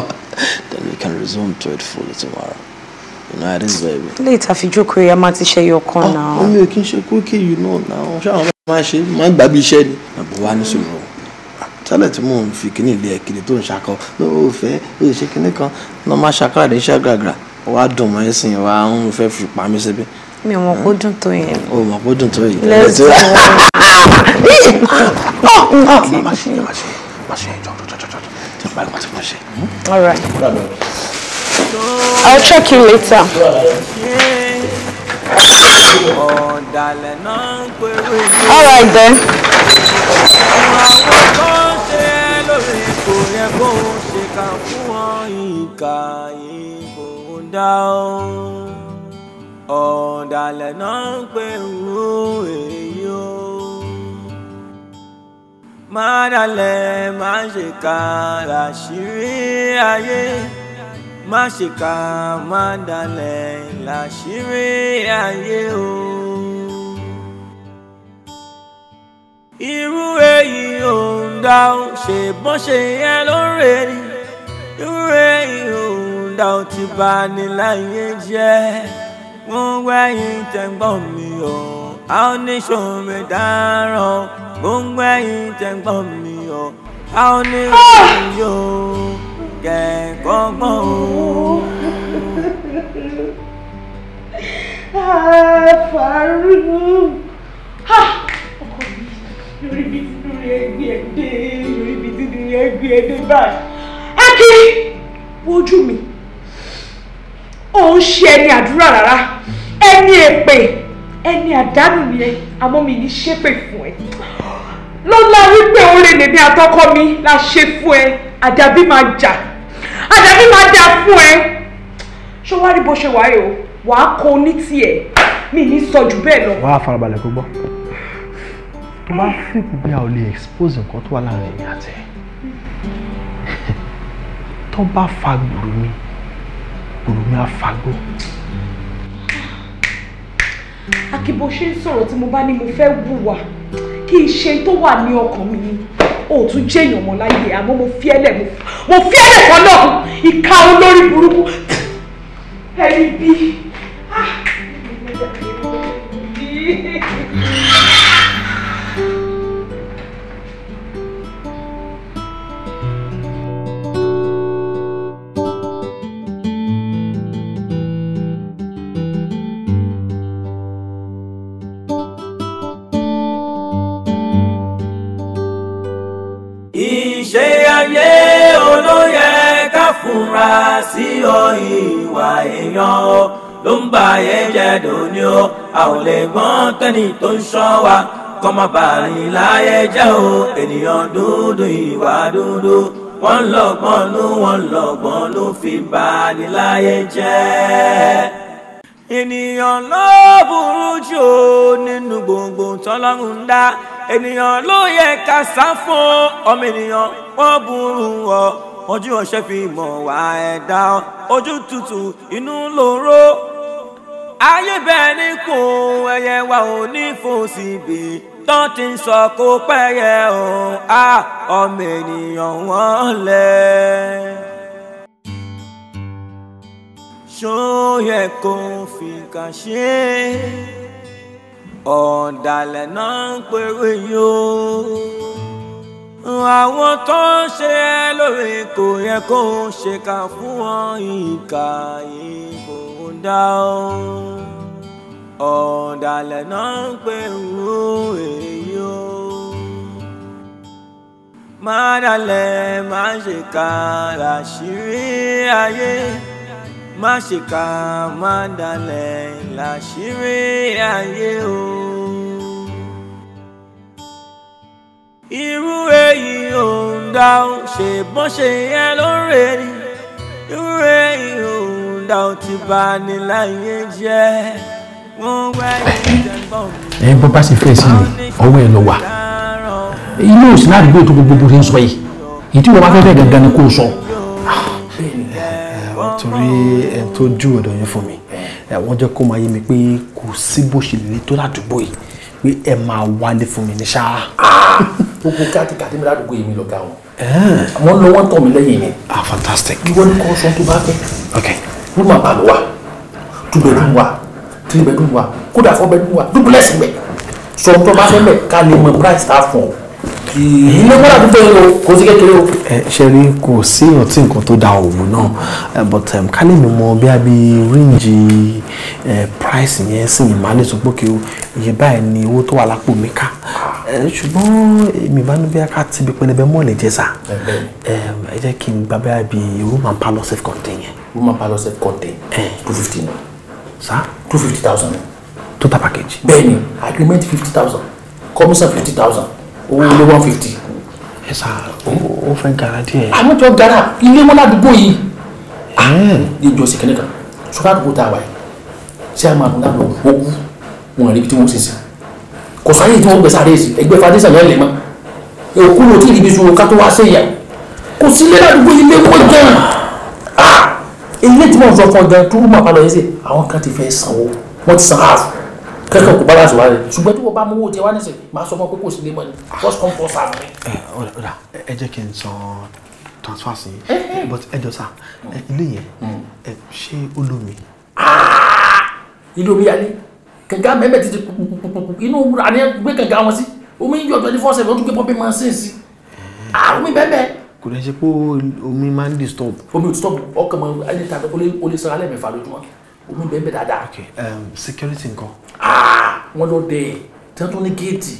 then we can resume to it fully tomorrow you know i dey very. late àfijókòó yẹn a máa ti ṣe yọ kan ah, náà. omi ò kí you ṣe kókè yìí náà náà ṣáà máa ṣe máa gbà bí iṣẹ́ ni àbò wa ní sọ̀rọ̀ tẹ́lẹ̀ tí mò ń fi kíní ilé ẹ̀ kiri tó ń ṣakọ lóò fẹ́ lóò ṣe kíní kan lọ́ máa ṣakáàdé iṣẹ́ gàgà wàá dùn mọ́ ẹ̀sìn wa ń fẹ́ fi pa mí síbi. mi ò mọ̀ kó dùn tó yẹn. o mọ̀ kó dùn tó yẹn. lẹ́sìn ọ̀hún. Ah! Ah! Ah! má ṣe má ṣe má ṣe jọ jọ jọ jọ tí n parí wọn ti mọ̀ ṣe. all right I'll check you later. Yeah. All right then. ọ̀dàlẹ̀ náà ń pè wú èyí o má dalẹ̀ má ṣe kà láṣìírí ayé má ṣe ká má dalẹ̀ láṣìírí ayé o. irú èyí ò ń dá o ṣe bọ́ ṣe yẹ lóore ni irú èyí ò ń dá o ti bà ní láyé jẹ́ gbogbo ẹ̀yin tẹ̀gbọ́n mi o a ò ní ṣòro dáràn gbogbo ẹ̀yin tẹ̀gbọ́n mi o a ò ní yóò kẹ́ kọ́gbọ́n o. fàárù ọkọ mi lórí bí lórí ẹgbẹ́ ẹdẹ lórí bí lórí ẹgbẹ́ ẹdẹ báyìí. akiri wojú mi ò ń ṣe ẹni àdúrà rárá ẹni èpè ẹni àdánù ni ẹ àmọ́ mi ní ṣépè fún ẹ lọ́la wípé oore lèmi àtọkọ mi la ṣe fún ẹ àdàbí máa jà àjàbí máa dà fún ẹ ṣé wàá rí bó ṣe wà rè o wàá kó ní tiẹ̀ mi ní sọ jù bẹ́ẹ̀ lọ. wàá farabalẹ̀ kó tó bá fìkú bí a ò lè expose nǹkan tó wà láàrin èmi àti ẹ tó bá fa gbùrù mi gbùrù mi á fagbó àkì bó ṣe ń sọ̀rọ̀ tí mo bá ní mo fẹ́ wùwà kí n ṣe tó wà ní ọkàn mi ni o tún jẹ́ èèyàn mọ́ láyé àmọ́ mo fi ẹlẹ̀ mo fi ẹlẹ̀ kan náà ìka olórí burúkú ẹni bí. Ah. sí o ìwà èèyàn o ló ń ba ayé jẹ́ dòní o a ò lè gbọ́n kẹ́ni tó ń ṣọ́ wa kọ́ má bàrin láyé jẹ́ o ènìyàn dúdú ìwà dúdú wọ́n lọ́gbọ́n ló wọ́n lọ́gbọ́n ló fi bani láyé jẹ́. ènìyàn ló burú jù nínú gbogbo tọ́lọ́run ń dá ènìyàn ló yẹ ká sá fún ọmọ ènìyàn wọ́n burú wọ́n ojú ọ̀ṣẹ́ fi mọ̀ wá ẹ̀dá ojú tútù inú lóró ayé bẹ́ẹ̀ ni kò ẹyẹ wa ò ní fòsíbì tán ti ń sọ kó pẹ́yẹ òun á ọmọ ènìyàn wọ́n lẹ̀. ṣó yẹ kó fìkà ṣe ọ̀dàlẹ̀ náà ń pèrè yóò àwọn tó ń ṣe ẹ́ lórí kò yẹ kó ń ṣèkà fún wọn ìkà yìí dá ọ̀dàlẹ̀ náà ń pè wú èyí o má dalẹ̀ má ṣèkà làṣírí ayé má ṣèkà má dalẹ̀ làṣírí ayé o. irú èyí ò ń dá o ṣe bọ́n ṣe yẹn lóore ni irú èyí ò ń dá o ti bá ní láyé jẹ́ wọ́n wẹ́ ìjẹ́gbọ́n mi. ẹ bọ́ bá ṣe fẹ́ sí ni ọwọ́ ẹ lọ wà inú òsì ládùúgbò tó gbogbo ṣe ń sọ yìí èyí tí wọ́n bá fẹ́ fẹ́ gangan ni kò sọ. torí ẹ tó ju ọ̀dọ̀ yẹn fún mi wọ́n jẹ́ kó máa yé mi pé kò sí bó ṣe lè tó ládùúgbò yìí pé ẹ máa wálé fún mi ní ṣáá. Ah! gbogbo káàkiri mi ládùúgbò yìí mi eh. lọ ga wọn. àwọn lọ wọn tọ̀ mí lẹ́yìn ni. ah fantastic. ìwọ ni kò sọ tó bá fẹ́. ok rúmà bá lọ wa two bedroom wa three bedroom wa kódà four bedroom wa dúpọ̀ lẹ́sìn bẹ̀ sọ̀rọ̀ tó bá fẹ́ bẹ̀ ká lè price tá a fún ọ èyí ló gbọ́dọ̀ tó tẹ̀yìn o kò sí kékeré o. ẹ ṣe rí kò sí ọtí nǹkan tó da òwò náà but um, kálí mi mọ bí a bí ríǹjì price yẹn sì ní màá lè sọ pé kí o iye báyìí ni owó tó wà lápò mi ká ṣùgbọ́n èmi bá ní bí a ká ti bí pẹlẹbẹ mọ́ lè jẹ́ ẹ jẹ́ kí n gba bí a bí room parlour self contain yẹn. room parlour self contain two fifty náà. sa two fifty thousand. total package. bẹ́ẹ̀ni agreement fifty thousand commission fifty thousand owó ilé one fifty. ẹ sà ó fẹ́ gara díẹ̀. àmọ́ jọ gara ilé wọn ládùúgbò yìí. ní ìjọsìn kẹ́lẹ́ kan sọ́kà àdúgbò tá a wà yìí ṣé a máa dúnlá lọ ó kú wọn rí ibi tí wọ́n ṣe sí. kò sáyé tí wọ́n gbèsè àdéhìí sí ẹgbẹ́ fadéṣà lẹ́lẹ̀ mọ́ òkú ló ti ríbi sùn ká tó wá sẹ́yà kò sí ilé ládùúgbò ilé wọn gan ilé tí wọ́n sọ fún ọ tó máa kẹ́kọ̀ọ́ kò balance wa rẹ̀ ṣùgbọ́n tí wọ́n bá mówó tiẹ̀ wá nísìn máa sọ fún kókò sí lé mọ́ni first come first serve. ẹ jẹ́ kí n sọ transfer sí i but ẹ jọ sá ilé yẹn hmm. ṣé ó lómi. Ah! ilé omi yanni kẹ̀kẹ́ mẹ́mẹ́ ti ti inú wúra ni gbé kẹ̀kẹ́ wọn sí omi yíyọ twenty four seven ó tún gbé pọ́ńpé máa ń sìn sí ah, omi bẹ́ẹ̀ kò dẹ̀ ṣe pé omi máa ń disturb. omi disturb ọkàn mọ́ ẹni tàbí o lè sọ alẹ́ mẹ́fà lójúmọ́ omi bẹ́ẹ̀ bẹ́ẹ̀ dáadáa. ok um, security nǹkan. Ah! wọ́n lọ dẹ tẹ́tún ní géètì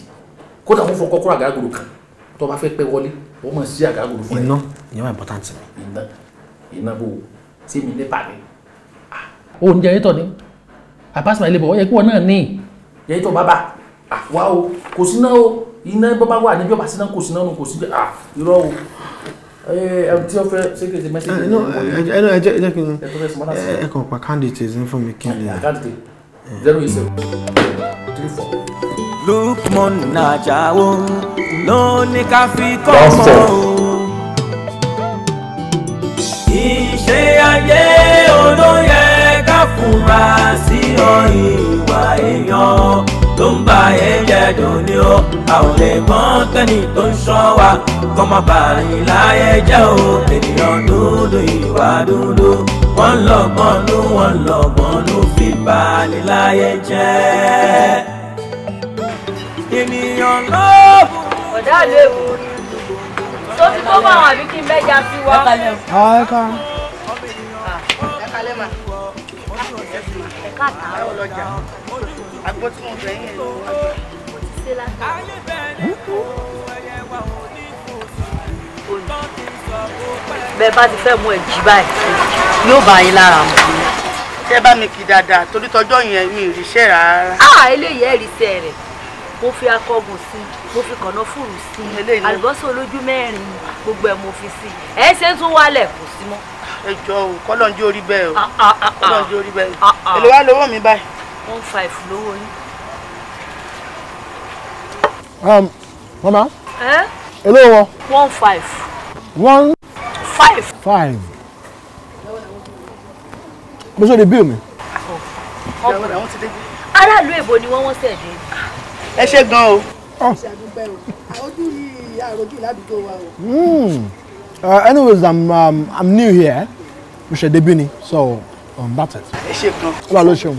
kódà wọ́n fọ kọ́kọ́rọ́ àgágòrò kan tó bá fẹ́ pẹ́ wọlé wọ́n mọ̀ sí àgágòrò fún ẹ. iná ìyẹn wà important mi. iná iná bò sí mi nípa mi. o ní jẹrìtọ̀ ni àpáṣẹ máa lè bọ̀ ọ́ yẹ kí wọ́n náà ní. jẹrìtọ̀ bàbá ah! wá o kò sí náà o iná bọ́ bá wà níbi ọ̀bà síná kò sí náà kò sí ah! irọ́ o. Eh, eh, eh, tí o fẹ́ secretary I ẹ I ẹ jẹ́ kí n ẹ kàn pa candidates ní fún mi kí n lè. zero eight seven three four. Lukman Ajáò ló ní ká fi kọ́ mọ́ o. ìṣe ayé olóyè ká fura sí. ẹ̀dùn ni ó a ò lè gbọ́n kẹ́ni tó ń ṣọ́ wa kó má bàyìn láyé jẹ́ o ènìyàn dúdú ìwà dúdú wọ́n lọ́gbọ́n ló wọ́n lọ́gbọ́n ló fi bàyìn láyé jẹ́. ènìyàn ló kù. ọ̀dà àlébù tó fi kó bá àwọn àbí kí sí wa. ẹ ká ẹ ká lẹ́mà ẹ ká àtàrà ọlọ́jà agbótúnfẹ́ yẹn lọ́wọ́ ṣe látọ̀. ayé bẹ̀rẹ̀ kó hmm? ẹyẹ wa ò ní kó sùn tó bá ti fẹ́ mú ẹ̀ jí báyìí yóò bá yín lára mu. ṣé bá mi kí dáadáa torí tọjọ́ yẹn mi ì ríṣẹ́ rárá. a ah, eléyìí ẹ̀ ríṣẹ́ rẹ̀ mo fi akọgùn sí mo fi kànáà fùrù sí àlùbọ́sà olójú mẹ́rin gbogbo ẹ̀ mo fi sí ẹ̀ ṣe ń tún wálẹ̀ kò sí mọ́. ẹ jọ o kọlọ́njú orí bẹ́ẹ̀ o ah, ah, kọlọ́njú orí bẹ́ẹ̀ o èlò wá lówó mi báyìí. one five lówó yín. Um, Mama. Eh? Hello. Uh, one five. One. Five. Five. Mo ṣe lè bí omi. Aráàlú èbó ni wọ́n wọ́n sẹ̀ dé. Ẹ ṣe gan o. Ojú yìí àròjù ládùúgbò wa o. Anyways, I'm, um, I'm new here. We should debut ni, so um, that's it. Ẹ ṣe gan. Ó bá ló ṣeun.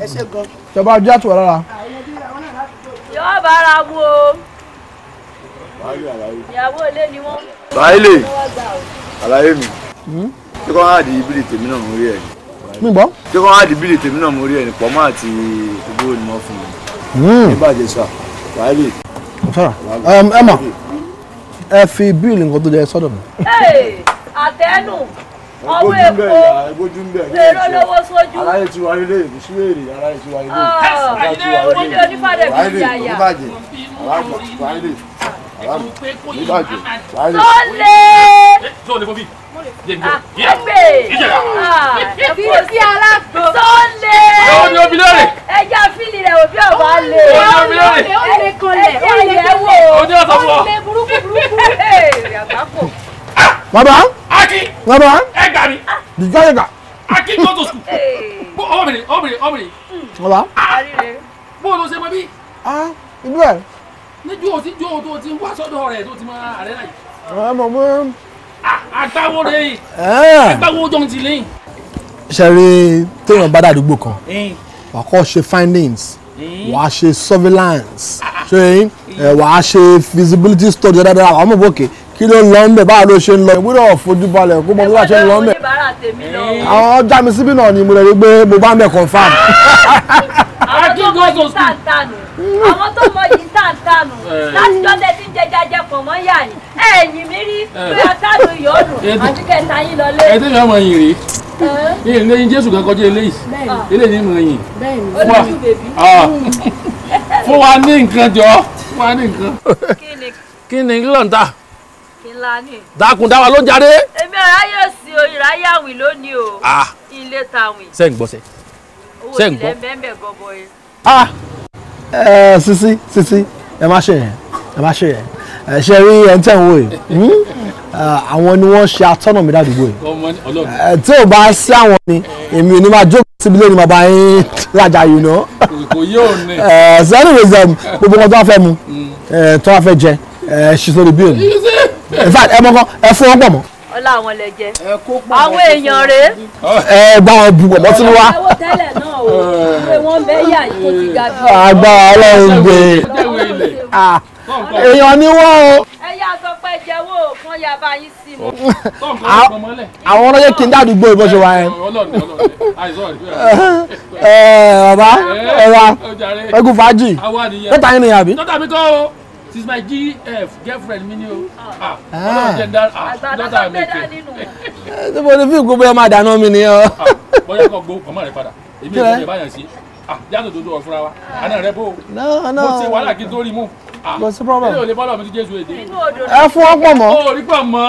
Ẹ ṣe wọ́n bára mu o. ìyàwó ilé ni wọ́n. báyìlè àlàyé mi tí kò hàn di bílì tèmi náà mo rí ẹ. mi gbọ́. tí kò hàn di bílì tèmi náà mo rí ẹ ní pọ̀ mọ́ àti ìgbó ni wọ́n fún mi. Hmm. ní bàjẹ́ sà báyìlè. ẹ mà ẹ fi bíìlì nǹkan tó jẹ sọ́dọ̀ mi. àtẹnu ọwọ́ èkó èrò lọ́wọ́ sójú. aláyé ti ah. wáyé lé èkó sílé èrè aláyé ti wáyé lé aláyé ti wáyé lé ojú onífàdé bíi ìyá yá. wáyé lè wáyé lè níbàjẹ́ wáyé lè. sọ́ọ̀lẹ̀ ẹgbẹ́ kí o sí alágbó sọ́ọ̀lẹ̀ ẹja fílì rẹ̀ òbí ọ̀bá lè ó lè kọlẹ̀ ó lè wò ó lè burúkú burúkú bàbá. aki. bàbá. ẹ gbà mí. dìgbà yẹ gbà. aki go to school. bó ọmọbìnrin ọmọbìnrin ọmọbìnrin. bàbá. bó o lọ ṣe mọ bí. ah ibi ẹ. níjú o ti jó o tó ti wá sọ́dọ̀ rẹ̀ tó ti máa àrẹ náà yìí. ẹ ah, mọ̀ mọ́. Ah, àgbáwo rẹ̀ yìí. Eh. àgbáwo jọ̀ ń ti lẹ́yìn. ṣe rí téèyàn bá dàdúgbò kan eh. wà á kọ́ ṣe findings eh. wà á ṣe surveillance ṣe wà á ṣe feasibility study dáadáa àwọn ọmọ òkè kí ló ń lọ ńbẹ báwo ló ṣe ń lọ ìwúrọ̀ fojú balẹ̀ kó mọ bí wàá ṣe ń lọ ńbẹ àwọn ọjà mi síbí náà ni mo rẹ̀ rí pé mo bá ń bẹ̀ confam. àwọn tó mọ yìí tàǹtàǹù hmm. àwọn tó mọ yìí tàǹtàǹù eh. láti jọ́lẹ̀ tí ń jẹjẹjẹ pọ̀ mọ́ yà yìí ẹ̀yìn mi rí pé àtàlù yóò dùn eh. àti kẹta yín lọ lé. ẹ eh, tẹ́lẹ̀ ọmọ yìí rí ilé ilé yín jésù kan kọjá eléyìí eléyìí mọ̀ yìí ah. ah. fún wa ní nǹkan jọ fún wa ní nǹkan. kí ni kí ni lọ́ntà ńlá ni. dákun dá wa ló jáde. èmi ráyè sí o ìráyè àwìn lónìí o. ilé tàwìn. sẹ́ ń gbọ́ sẹ́. owó ilẹ̀ mẹ́mẹ́ gọbọ yẹn. ah ẹ sisi sisi ẹ má ṣe yẹn ẹ má ṣe yẹn ẹ ṣe rí ẹ ń tẹ̀ ń wò yìí hmm? àwọn ni wọ́n ṣe atọ́nà mi ládùúgbò yìí tí ò bá sí àwọn ni èmi ò ní máa jókòó síbi lónìí bàbá yín rajà yìí ná. kò yóò ní. sẹ́ni gbogbo wọn tó wá fẹ́ mu hmm. tó wá fẹ́ jẹ ṣiṣẹ́ lórí bíi òní in fact ẹ mọ kan ẹ fún wọn pọ̀ mọ́. ọlá àwọn lè jẹ àwọn èèyàn rèé. ẹ gbá wọn bu pọ̀ mọ́ sínú wa. ẹwọ tẹ́lẹ̀ náà o pé wọ́n bẹ́ yà tó ti ga bí. agbára ọlọ́run gbé èèyàn ni wọ́n o. ẹ yá sọ pé jẹ́wọ́ kan yá bá yín sí mi. àwọn ọlọ́yẹ kí n dádùúgbò ìbọn ṣe wá yẹn. ọba ọba ẹgùn fàájì tọ́ta yín nìyàbí. tọ́ta mi kọ́ o she's my gf girlfriend mi ni o ah. Ah, ọlọ́run jẹ́ ah, dọ́tà mi kẹ́. ṣé mo ní fi gbogbo ọmọ àdáná mi ni ọ. Oh. bọ́yá kò gbó ọmọ rẹ padà èmi ò lè báyàn sí yàtọ̀ tó dúró fúnra wa àná rẹ bó mo ṣe wàhálà kí n tó rí mú. kò sí problem. ilé olè bọ́lá mi ti jésù èdè. ẹ fún ọ pọ̀ mọ́. o ò rí pọ̀ mọ́.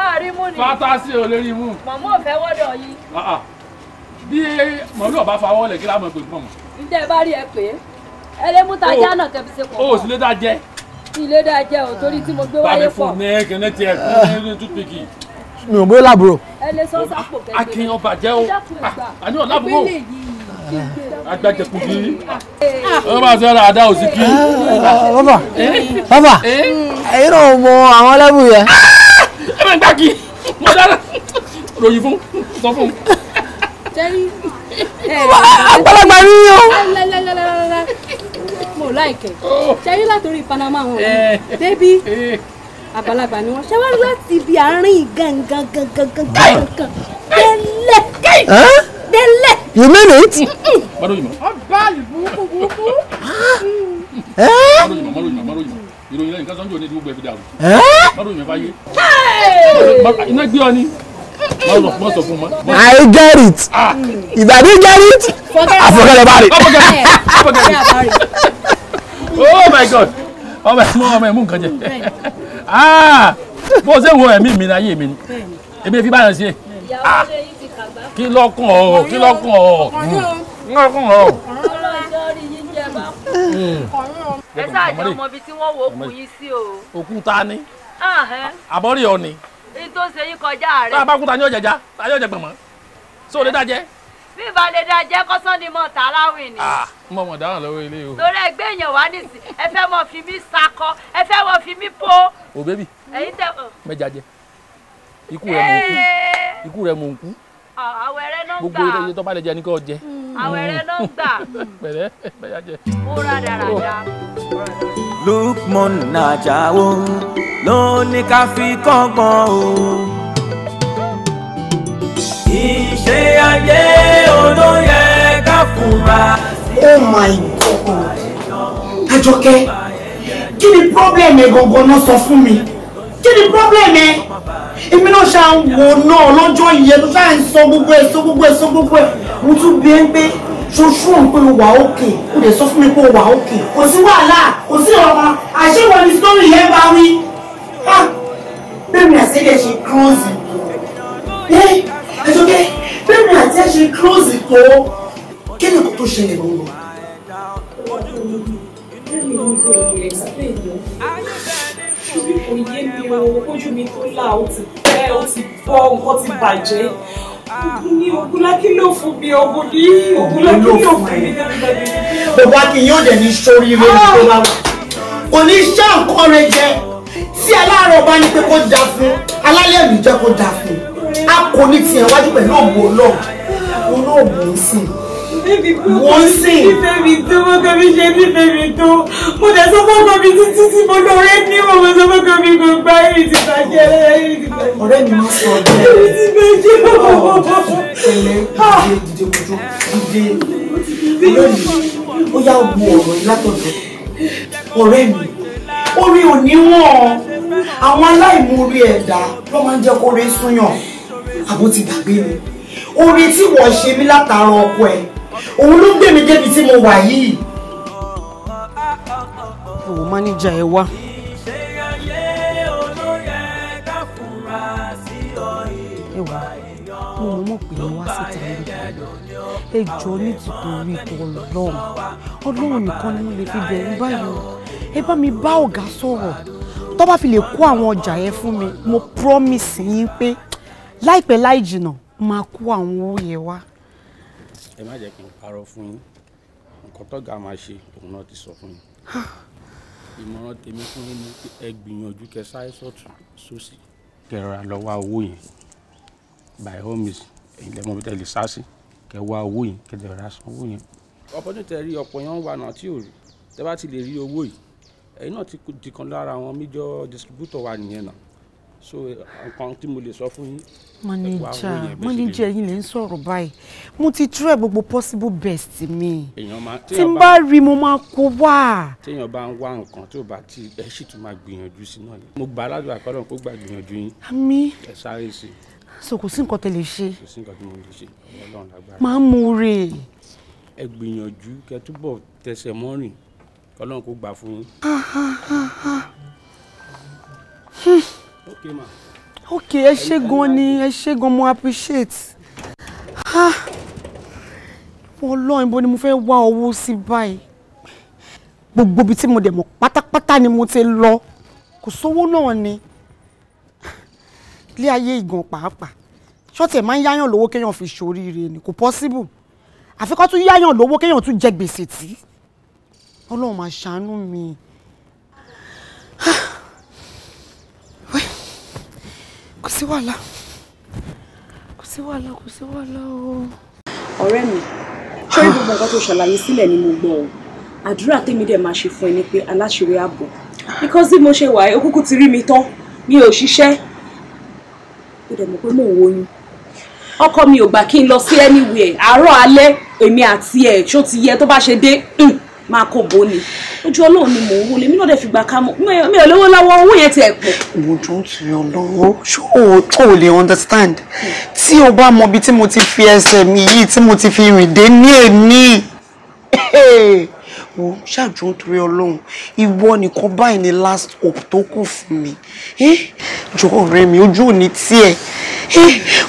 a rí mú ni. fátásì ò lè rí mú. mọ̀mọ́ ò fẹ́ wọ́dọ̀ yìí. bí mọ̀lú ọ̀bá fawọ́ lẹ̀ kí lámọ̀ pé pọ̀ mọ́. ǹjẹ́ bá rí ẹ pé ẹlẹ́múta ajá oh. náà kẹ́ fi ṣe pọ̀ oh, pọ̀. o sì lè dá jẹ. ilé dá jẹ o torí tí mo gbé wáyé pọ̀. bàbá fún mi kẹ́ne tiẹ̀ kún ní túpìkì. mi ò bóyá láàbùrò. ẹ lè sọ sápò kẹ́kẹ́. akin ọba jẹ́ o àníwọ̀ láàbùrò agbẹjẹkù O ọba sọ ra ada òsì kí. Ah, eh, bàbá eh? bàbá ẹ̀yin náà mọ àwọn ẹlẹ́bù yẹn. Ah! ẹ bẹ gbà kí mo dára ròyìn fún sọ fún. àgbàlagbà ni o ò láìkẹ́ ṣẹ́yí látòrí panama wọn eh. débí eh. àgbàlagbà ni wọn ṣe wá láti ibi àárín gangan gangan gangan gangan délẹ̀ délẹ̀. you mean it. ọba ìbúkú búkú. ìròyìn lẹ́yìn kásán jò ní ìdúgbò ẹ̀fí dàrú. mọ́ròyìn ẹ̀fá yé. iná gbé ọ ni mọ sọ fún ma. I get it. If I didn't get it, I forget about it oh my god ọmọ ẹ mú ọmọ ẹ mú nǹkan jẹ ah! bó ṣe wo ẹ̀mí mi láyé mi ni èmi fi báyọ̀ sí ẹ ah! kí lọ́kàn ọ̀ kí lọ́kàn ọ̀ lọ́kàn ọ̀. ẹ sáà jẹ́ ọmọ ibi tí wọ́n wo òkú yín sí o. òkúta ni àbọ̀rí ọ̀ ni. ní tó ṣe yín kọjá rẹ̀. tá a bá kúta ni yóò jẹjá tá a yóò jẹ gbọ̀mọ́ sóò lè dájẹ́ bí ìbálẹ̀ dá jẹ́ kọ́sán ni mo tà láwìn ni. Ah, mo mọ̀ dáhùn lọ́wọ́ ilé o. lórí ẹgbẹ́ èèyàn wá nísìn ẹ fẹ́ mọ fi mí sakọ ẹ fẹ́ mọ fi mí po. o bébì mẹ́ja jẹ ikú rẹ mò ń kú eh. ikú rẹ mò ń kú. àwẹ̀rẹ̀ náà gbà gbogbo iye tó bá lè jẹ ní kò jẹ. Mm. àwẹ̀rẹ̀ náà gbà. pẹ̀lẹ́ mẹ́ja jẹ. ó rádaràda. Oh. Lukman Ajáò ló ní ká fi kọ́gbọ́n o ìṣe ayé olóyè ká fura. oh my god àjọkẹ́ kí ni pọ́blẹ́mù ẹ̀ gangan náà sọ fún mi kí ni pọ́blẹ́mù ẹ̀ èmi náà ṣe àwọn wò náà lọ́jọ́ yẹn ló ṣáà ń sọ gbogbo ẹ̀ sọ gbogbo ẹ̀ sọ gbogbo ẹ̀ mo tún bí ẹ ń pé ṣoṣù ń pé wà òkè ó lè sọ fún mi pé wà òkè kò sí wàhálà kò sí ọ̀rọ̀ àṣewọ̀ ni sọ́ọ̀rì bá wí ah! bẹ́ẹ̀ mi ṣe kúrọ́ọ̀sì It's okay. Bẹ́ẹ̀ni àti ẹ̀ ṣe close ìkó. Kí ni kò tó ṣẹlẹ̀ lọ́wọ́? Bẹ́ẹ̀ni mo ń gbọ́ ìwé ẹ̀sìn Ṣubí kò yé mi o, ojú mi tó là ó ti pẹ́, ó ti bọ́, nǹkan ti bàjẹ́. Ogun ni Ogunlákí ló fún mi, ogun ní Ogunlákí ló fún mi. Bàbá kì yóò dẹ̀ ní sórí ilé ní tó bá wà. Kò ní ṣá nǹkan rẹ jẹ. Tí aláàárọ̀ bá ní pé kó da fún, alálẹ̀ mi jẹ́ kó da fún a kò ní tiẹ̀ wájú pẹ̀lú ògbó náà òun náà wò ó sìn bébí pé mo ṣe nífẹ̀ẹ́ mi tó mo kàn fi ṣe nífẹ̀ẹ́ mi tó mo dẹ̀ sọ fọ́kọ mi títí tí mo lọ rẹ́ ní mo mo sọ fọ́kọ mi kò gbá èyí ti bàjẹ́ èyí ti bàjẹ́. ọ̀rẹ́ mi ló sọ ọ̀dẹ́ èyí ti bàjẹ́ ọ̀hún. ṣẹlẹ̀ dìde dìde kojú dìde lónìí ó yá gbu ọ̀rọ̀ yìí látọ̀dọ̀ ọ̀rẹ́ mi orí ò níwọ̀n àwọn aláìmoore ẹ̀dá ló máa ń jẹ́ kó rí súnyàn àbó ti gbàgbé mi oore tí wọ́n ṣe mí látara ọkọ ẹ̀ òun ló gbé mi débi tí mo wà yìí. òwò mánéjà ẹ wá. ẹ wá mo mọ̀ pé wá síta lóko ẹ jọ nítorí ọlọ́run ọlọ́run nìkan ni mo lè fi bẹ̀rù báyìí ẹ bá mi bá ọ̀gá sọ̀rọ̀ tó bá fi lè kó àwọn ọjà yẹn fún mi mo promise yín pé láìpẹ́ láì jìnà máa kó àwọn owó yẹn wá. ẹ má jẹ́ kí n parọ́ fún yín nǹkan tọ́gà máa ṣe òun náà ti sọ fún yín ìmọ̀ràn tèmi fún yín ni pé ẹ gbìyànjú kẹ sáré sọ̀tún sósì kẹ rọra lọ wá owó yẹn by all means èyí lẹ́mọ̀ bí tẹ̀lé sásì kẹ wá owó yẹn kẹ tẹ̀ rọra san owó yẹn. opportunity rí ọ̀pọ̀ yẹn ń wà náà tí ò rí tẹ bá ti lè rí owó yìí ẹ̀yin náà ti di lára àwọn major distributor wa nìyẹn náà so nǹkan tí mo lè sọ fún yín. mọ́níjà mọ́níjà ẹ̀yin lè ń sọ̀rọ̀ báyìí mo ti try gbogbo possible best mi tí n bá rí mo máa kó wá. téèyàn bá ń wá nǹkan tí ò bá ti ẹ sì tún máa gbìyànjú sí náà ni mo gbà aládùn àkọ́dọ̀ kó gbà gbìyànjú yín. àmì ẹ sáré sí so kò sí nǹkan tẹ lè ṣe. kò sí nǹkan tí mo lè ṣe Ọlọ́run lágbára. máa ń mú rè. ẹ gbìyànjú kẹ túbọ̀ tẹsẹ̀ mọ́rìn Ọlọ́run kó gbà fún yín okay ma. ok ẹ ṣé gan ni ẹ ṣé gan mo appreciate ọlọ́run ibo ni mo fẹ́ wá owó sí báyìí gbogbo ibi tí mo dẹ̀ mọ̀ pátápátá ni mo ti lọ kò sówó náà ni ilé ayé ìgàn pàápàá ṣọ́ọ̀tì ẹ̀ máa ń yáyàn lówó kéèyàn fi ṣoríire ni kò pọ́síbù àfi kó tún yáyàn lówó kéèyàn tún jẹ gbèsè tí ọlọ́run máa ṣàánú mi kò sí wàhálà kò sí wàhálà kò sí wàhálà o. ọ̀rẹ́ mi ṣé gbogbo nǹkan tó ṣàlàyé sílẹ̀ ni mo gbọ́ o àdúrà tèmi dẹ̀ máa ṣe fún ẹ ni pé aláṣìírí ààbò because bí mo ṣe wà ẹ ó kúkú ti rí mi tán mi ò ṣiṣẹ́ ó dẹ̀ mọ̀ pé mò ń woyún ọkọ mi ò gbà kí n lọ sí anywhere àárọ̀ alẹ́ èmi àti ẹ̀ ṣó ti yẹ tó bá ṣe dé. Hmm máa kó bo ni ojú ọlọ́run ni mò ń wọlé mi náà dẹ̀ fi gbà ká mọ́ mi ò lówó lọ́wọ́ owó yẹn ti ẹ̀ pọ̀. mo dùn tí o lọ́wọ́ ṣó o lè understand tí o bá mọ ibi tí mo ti fi ẹsẹ̀ mi yìí tí mo ti fi rìn dé ní èní wo ṣáàjú nítorí ọlọ́run ìwọ nìkan báyìí ni last hope tó kù fún mi jọ ọ̀rẹ́ mi ojú òní tiẹ̀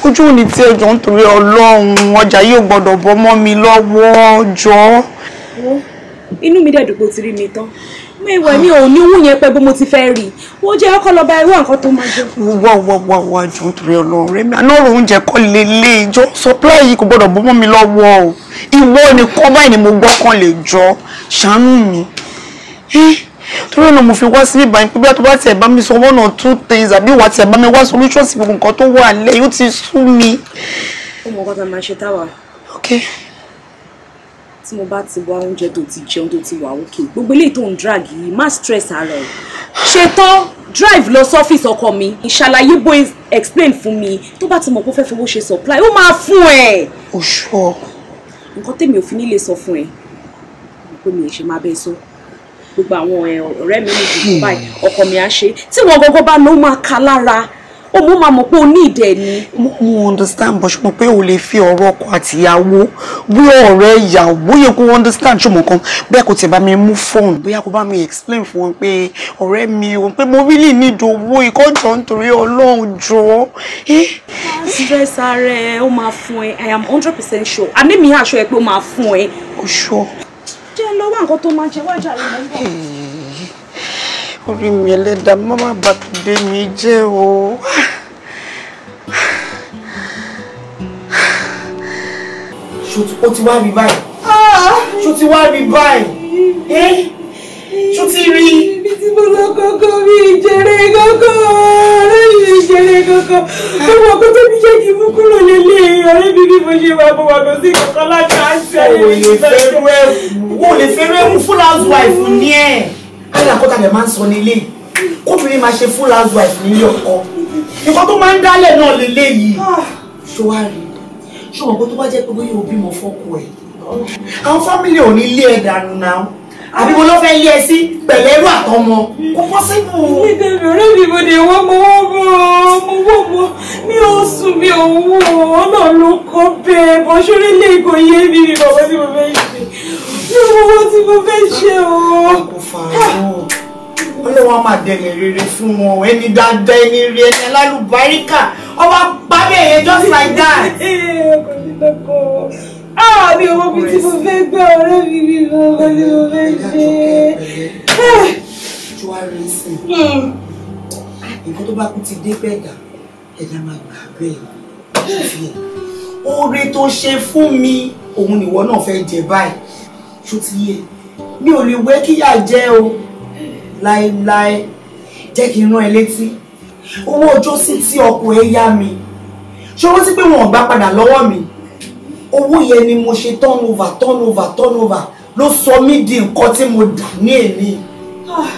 ojú òní tiẹ̀ jọ nítorí ọlọ́run ọjà yóò gbọ́dọ̀ bọ́ mọ́ mi lọ́wọ́ jọ inú mi dẹ̀dùn pé o ti rí mi tán mo ìwà mi ò ní wúyẹn pé bó mo ti fẹ́ rí i wọ́n jẹ́ ọkọ lọ́ba irú nǹkan tó máa jẹ. wá wá wá wá jù nítorí ọlọ́run rẹ mi àná ọ̀rọ̀ oúnjẹ kọ́ lè ìjọ supply yìí kò gbọ́dọ̀ bọ́ mi lọ́wọ́ o ìwọ nìkan báyìí ni mo gbọ́ kan lè jọ ṣàánú mi torí ọ̀nà mo fi wá sí ìbá yín pé bí wàá tó bá tiẹ̀ bá mi sọ one or two things àbí ìwà tiẹ̀ bá mi wá solution sí gbogbo nǹkan tó wà lẹ́yìn ó ti sú mi. ó mọ nǹkan máa ṣe táwa. okay tí mo bá ti wá oúnjẹ tó ti jẹun tó ti wà òkè gbogbo eléyìí tó ń drag yìí má stress ara ẹ ṣetán drive lọ sọ́fíìsì ọkọ mi ìṣàlàyé bó explain fún mi tó bá ti mọ̀ pé ó fẹ́ fowó supply ó máa fún ẹ. o ṣọ. nǹkan tèmi ò fi ní lè sọ fún ẹ pé mi ò ṣe máa bẹ sọ gbogbo àwọn eh, ọ̀rẹ́ mi ní ìdìbò báyìí ọkọ mi á ṣe tí wọn gbogbo bá ló máa ka lára ó mú máa mọ̀ pé o ní ìdẹ ni. mo understand bó ṣe mọ̀ pé o lè fi ọ̀rọ̀ ọkọ àtìyàwó bí ọ̀rẹ́ ìyàwó yẹ kó understand ṣùgbọ́n kan bẹ́ẹ̀ kò tẹ̀ bá mi mú phone. bóyá kó bá mi explain fún wọn pé ọ̀rẹ́ mi o pé mo really need owó ìkọ́jọ́ nítorí ọlọ́run jọ. Eh? stress ara ẹ ó máa fún i am 100% sure àní mi àṣọ ẹ pé ó máa fún ẹ. o sure. jẹ́ lọ́wọ́ nǹkan tó máa jẹ wájà rẹ̀ lọ́wọ́ orí mi ẹlẹ́dàá má má bà tòde mi jẹ́ o. ṣó ti wá rí báyìí ṣó ti wá rí báyìí ṣó ti rí. ibi tí mo lọ kọ́kọ́ mi ìjẹrẹ kọ́kọ́ ọ̀rẹ́ mi ìjẹrẹ kọ́kọ́ ọmọ kan tó fi ṣe kí mú kúrò lélẹ̀ ọ̀rẹ́ mi bí mo ṣe wà mo wà kó sí kankan láti àṣẹ. o lè fẹ́rẹ́ mú fúlàzù àìfún ní ẹ̀ káyà kọ́ta dẹ̀ máa ń sọ nílé kóbìnrin máa ṣe full housewife, wife nílé ọkọ nǹkan tó máa ń dálẹ̀ náà lélẹ̀ yìí ṣòwárí ṣùgbọ́n pé tó bá jẹ́ pé bóyá òbí mọ̀ fọ́kù ẹ̀ àwọn fámìlì ò ní lé ẹ̀ dànù náà àbí mo ló fẹ́ lé ẹ sí pẹ̀lẹ́rú àtọmọ kò pọ́ sínú. nítorí ọ̀rẹ́ mi mo lè wọ́n mo wọ́n mo mo wọ́n mo mi ò sùn mi ò wọ́ ọ̀nà ló kọ́ bẹ́ẹ̀ bọ́ sórí ilé ìkòyé mi ni bàbá tí mo fẹ́ ṣe mo fẹ́ ṣe o. ọlọ́wọ́ a máa dẹ̀lẹ̀ rere fún wọn ẹni dáadáa ẹni rí ẹni alálùbáríkà ọba pàmì ẹ̀yẹ just like that. Ah, mi ò mọ bí tí mo fẹ́ gbé ọ̀rẹ́ mi mi mọ ọmọ tí mo fẹ́ ṣe. Ju ara ẹsẹ̀. Nǹkan tó bá kú ti dé bẹ́ẹ̀dà, ẹ̀dá máa gbà bẹ́ẹ̀ fi hàn. Oore tó ṣe fún mi, òun nìwọ náà fẹ́ jẹ báyìí. Ṣó ti yé e? mi ò lè wẹ́ kíyà jẹ́ o láéláé jẹ́ kí n rán ẹ létí owó ọjọ́ sí tí ọkọ̀ ẹ yá mi ṣọwọ́ sí pé wọn ò gbà padà lọ́wọ́ mi owó yẹn ni mo ṣe turn over turn over turn over ló sọ mí di nǹkan tí mo dà ní èmi ah,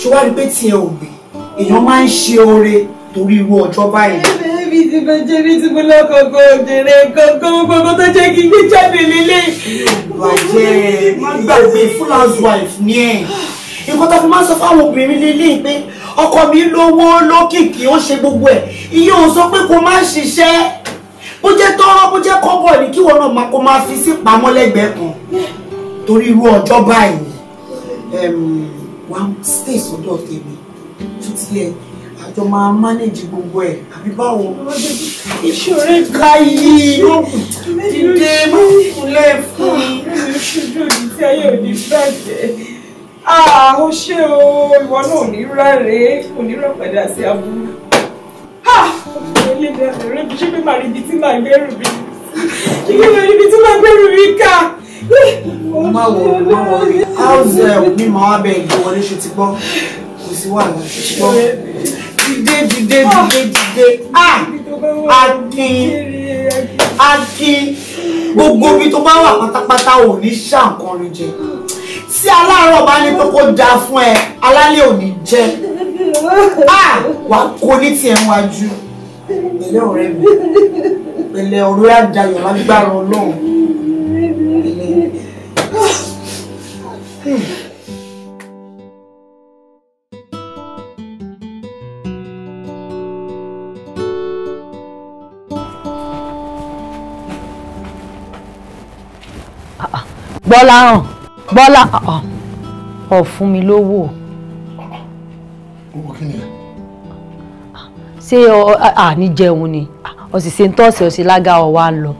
ṣọwọ́ rí pé tiẹ̀ ò gbé èèyàn máa ń ṣe oore torí irú ọjọ́ báyìí bí ti mo jẹ bí ti mo lọkọọkọ òjèrè kankan gbogbo tó jẹ kí n gbé jáde lélẹ̀. bàjẹ́ má gbàgbé fulans wife ni ẹ̀ nǹkan tó fi máa ń sọ fáwọn obìnrin lélẹ̀ pé ọkọ mi lówó lókìkí ó ṣe gbogbo ẹ̀ iye òun sọ pé kó má ṣiṣẹ́ bó jẹ́ tọ́rọ́ bó jẹ́ kọ́bọ̀ ní kí wọn náà kó máa fi sí pamọ́ lẹ́gbẹ̀ẹ́ kan torí irú ọjọ́ báyìí wàá stay sọ́dọ̀ tèmi tó tilẹ̀ àjọ máa mánéjì gbogbo ẹ̀ àbí báwo. ìṣòro ká yìí dìde mọ́kúnlẹ̀ fún mi ṣojú òdì tí ayé òdì bàjẹ́. ó ṣe o ìwọ náà ò ní rárẹ̀ kò ní rọ̀ padà sí aburú. ṣé bí màá rí ibi tí màá gbẹ́rù mi ṣé bí màá rí ibi tí màá gbẹ́rù mi ká má wọ má wọ rí house ẹ̀ eh, máa wá bẹ́ẹ̀ gbé ṣe ti gbọ́ kò sí wàhálà ṣe ti gbọ́ dìde dìde dìde ah. dìde ah akin akin gbogbo ibi tó bá wà pátápátá ò ní ṣàǹkanrin jẹ tí aláàárọ̀ bá ní pé kó da fún ẹ alálẹ̀ ò ní jẹ ah wà á kó ní tiẹ̀ wájú pẹ̀lẹ́ ọ̀rẹ́ mi pẹ̀lẹ́ ọ̀rẹ́ àdàyọ̀ lágbára ọlọ́run pẹ̀lẹ́. Hmm. bọ́lá hàn bọ́lá ah, ah, ọ̀ fún mi lówó. owó kí ni ẹ. ṣé ọ àní ah, jẹun ni ọ̀sìsẹ́ ń tọ́sẹ̀ ọ̀sẹ̀ lága ọ̀wá ń lọ.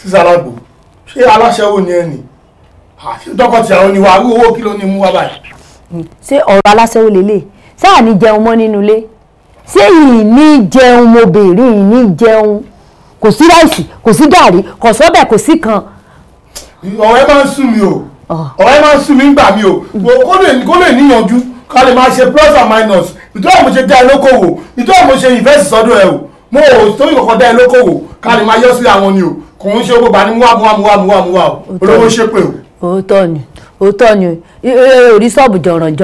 sísàlágbò ṣé aláṣẹ wo ni ẹ nì àṣẹ tọkọ tí àwọn oníwà arú owó kí ló ní mú wá báyìí. ṣé ọ̀rọ̀ aláṣẹ wo lélẹ̀ ṣé àní jẹun mọ́ nínú ilé ṣé ìní jẹun mo béèrè ìní jẹun kò sí ráìsì kò sí gàrí kò sọ́bẹ̀ kò sí kan. ọ̀rẹ́ máa ń sùn mí o ah. ọ̀rẹ́ máa ń sùn mí gbà mí o kó lè níyànjú ká lè máa ṣe plus and minus nítorí mo ṣe dá ẹ lókòwò nítorí mo ṣe invest sọ́dọ̀ ẹ o mo ò torí kọ̀ọ̀kan dá ẹ lókòwò ká lè máa yọ sí àwọn ni o kò ń ṣe gbogbo àní wàmú wàmú wàmú wàmú wà o olówó o. òótọ́ ni òótọ́ ni e, e, orí ṣọ́ọ̀bù jọ̀ràn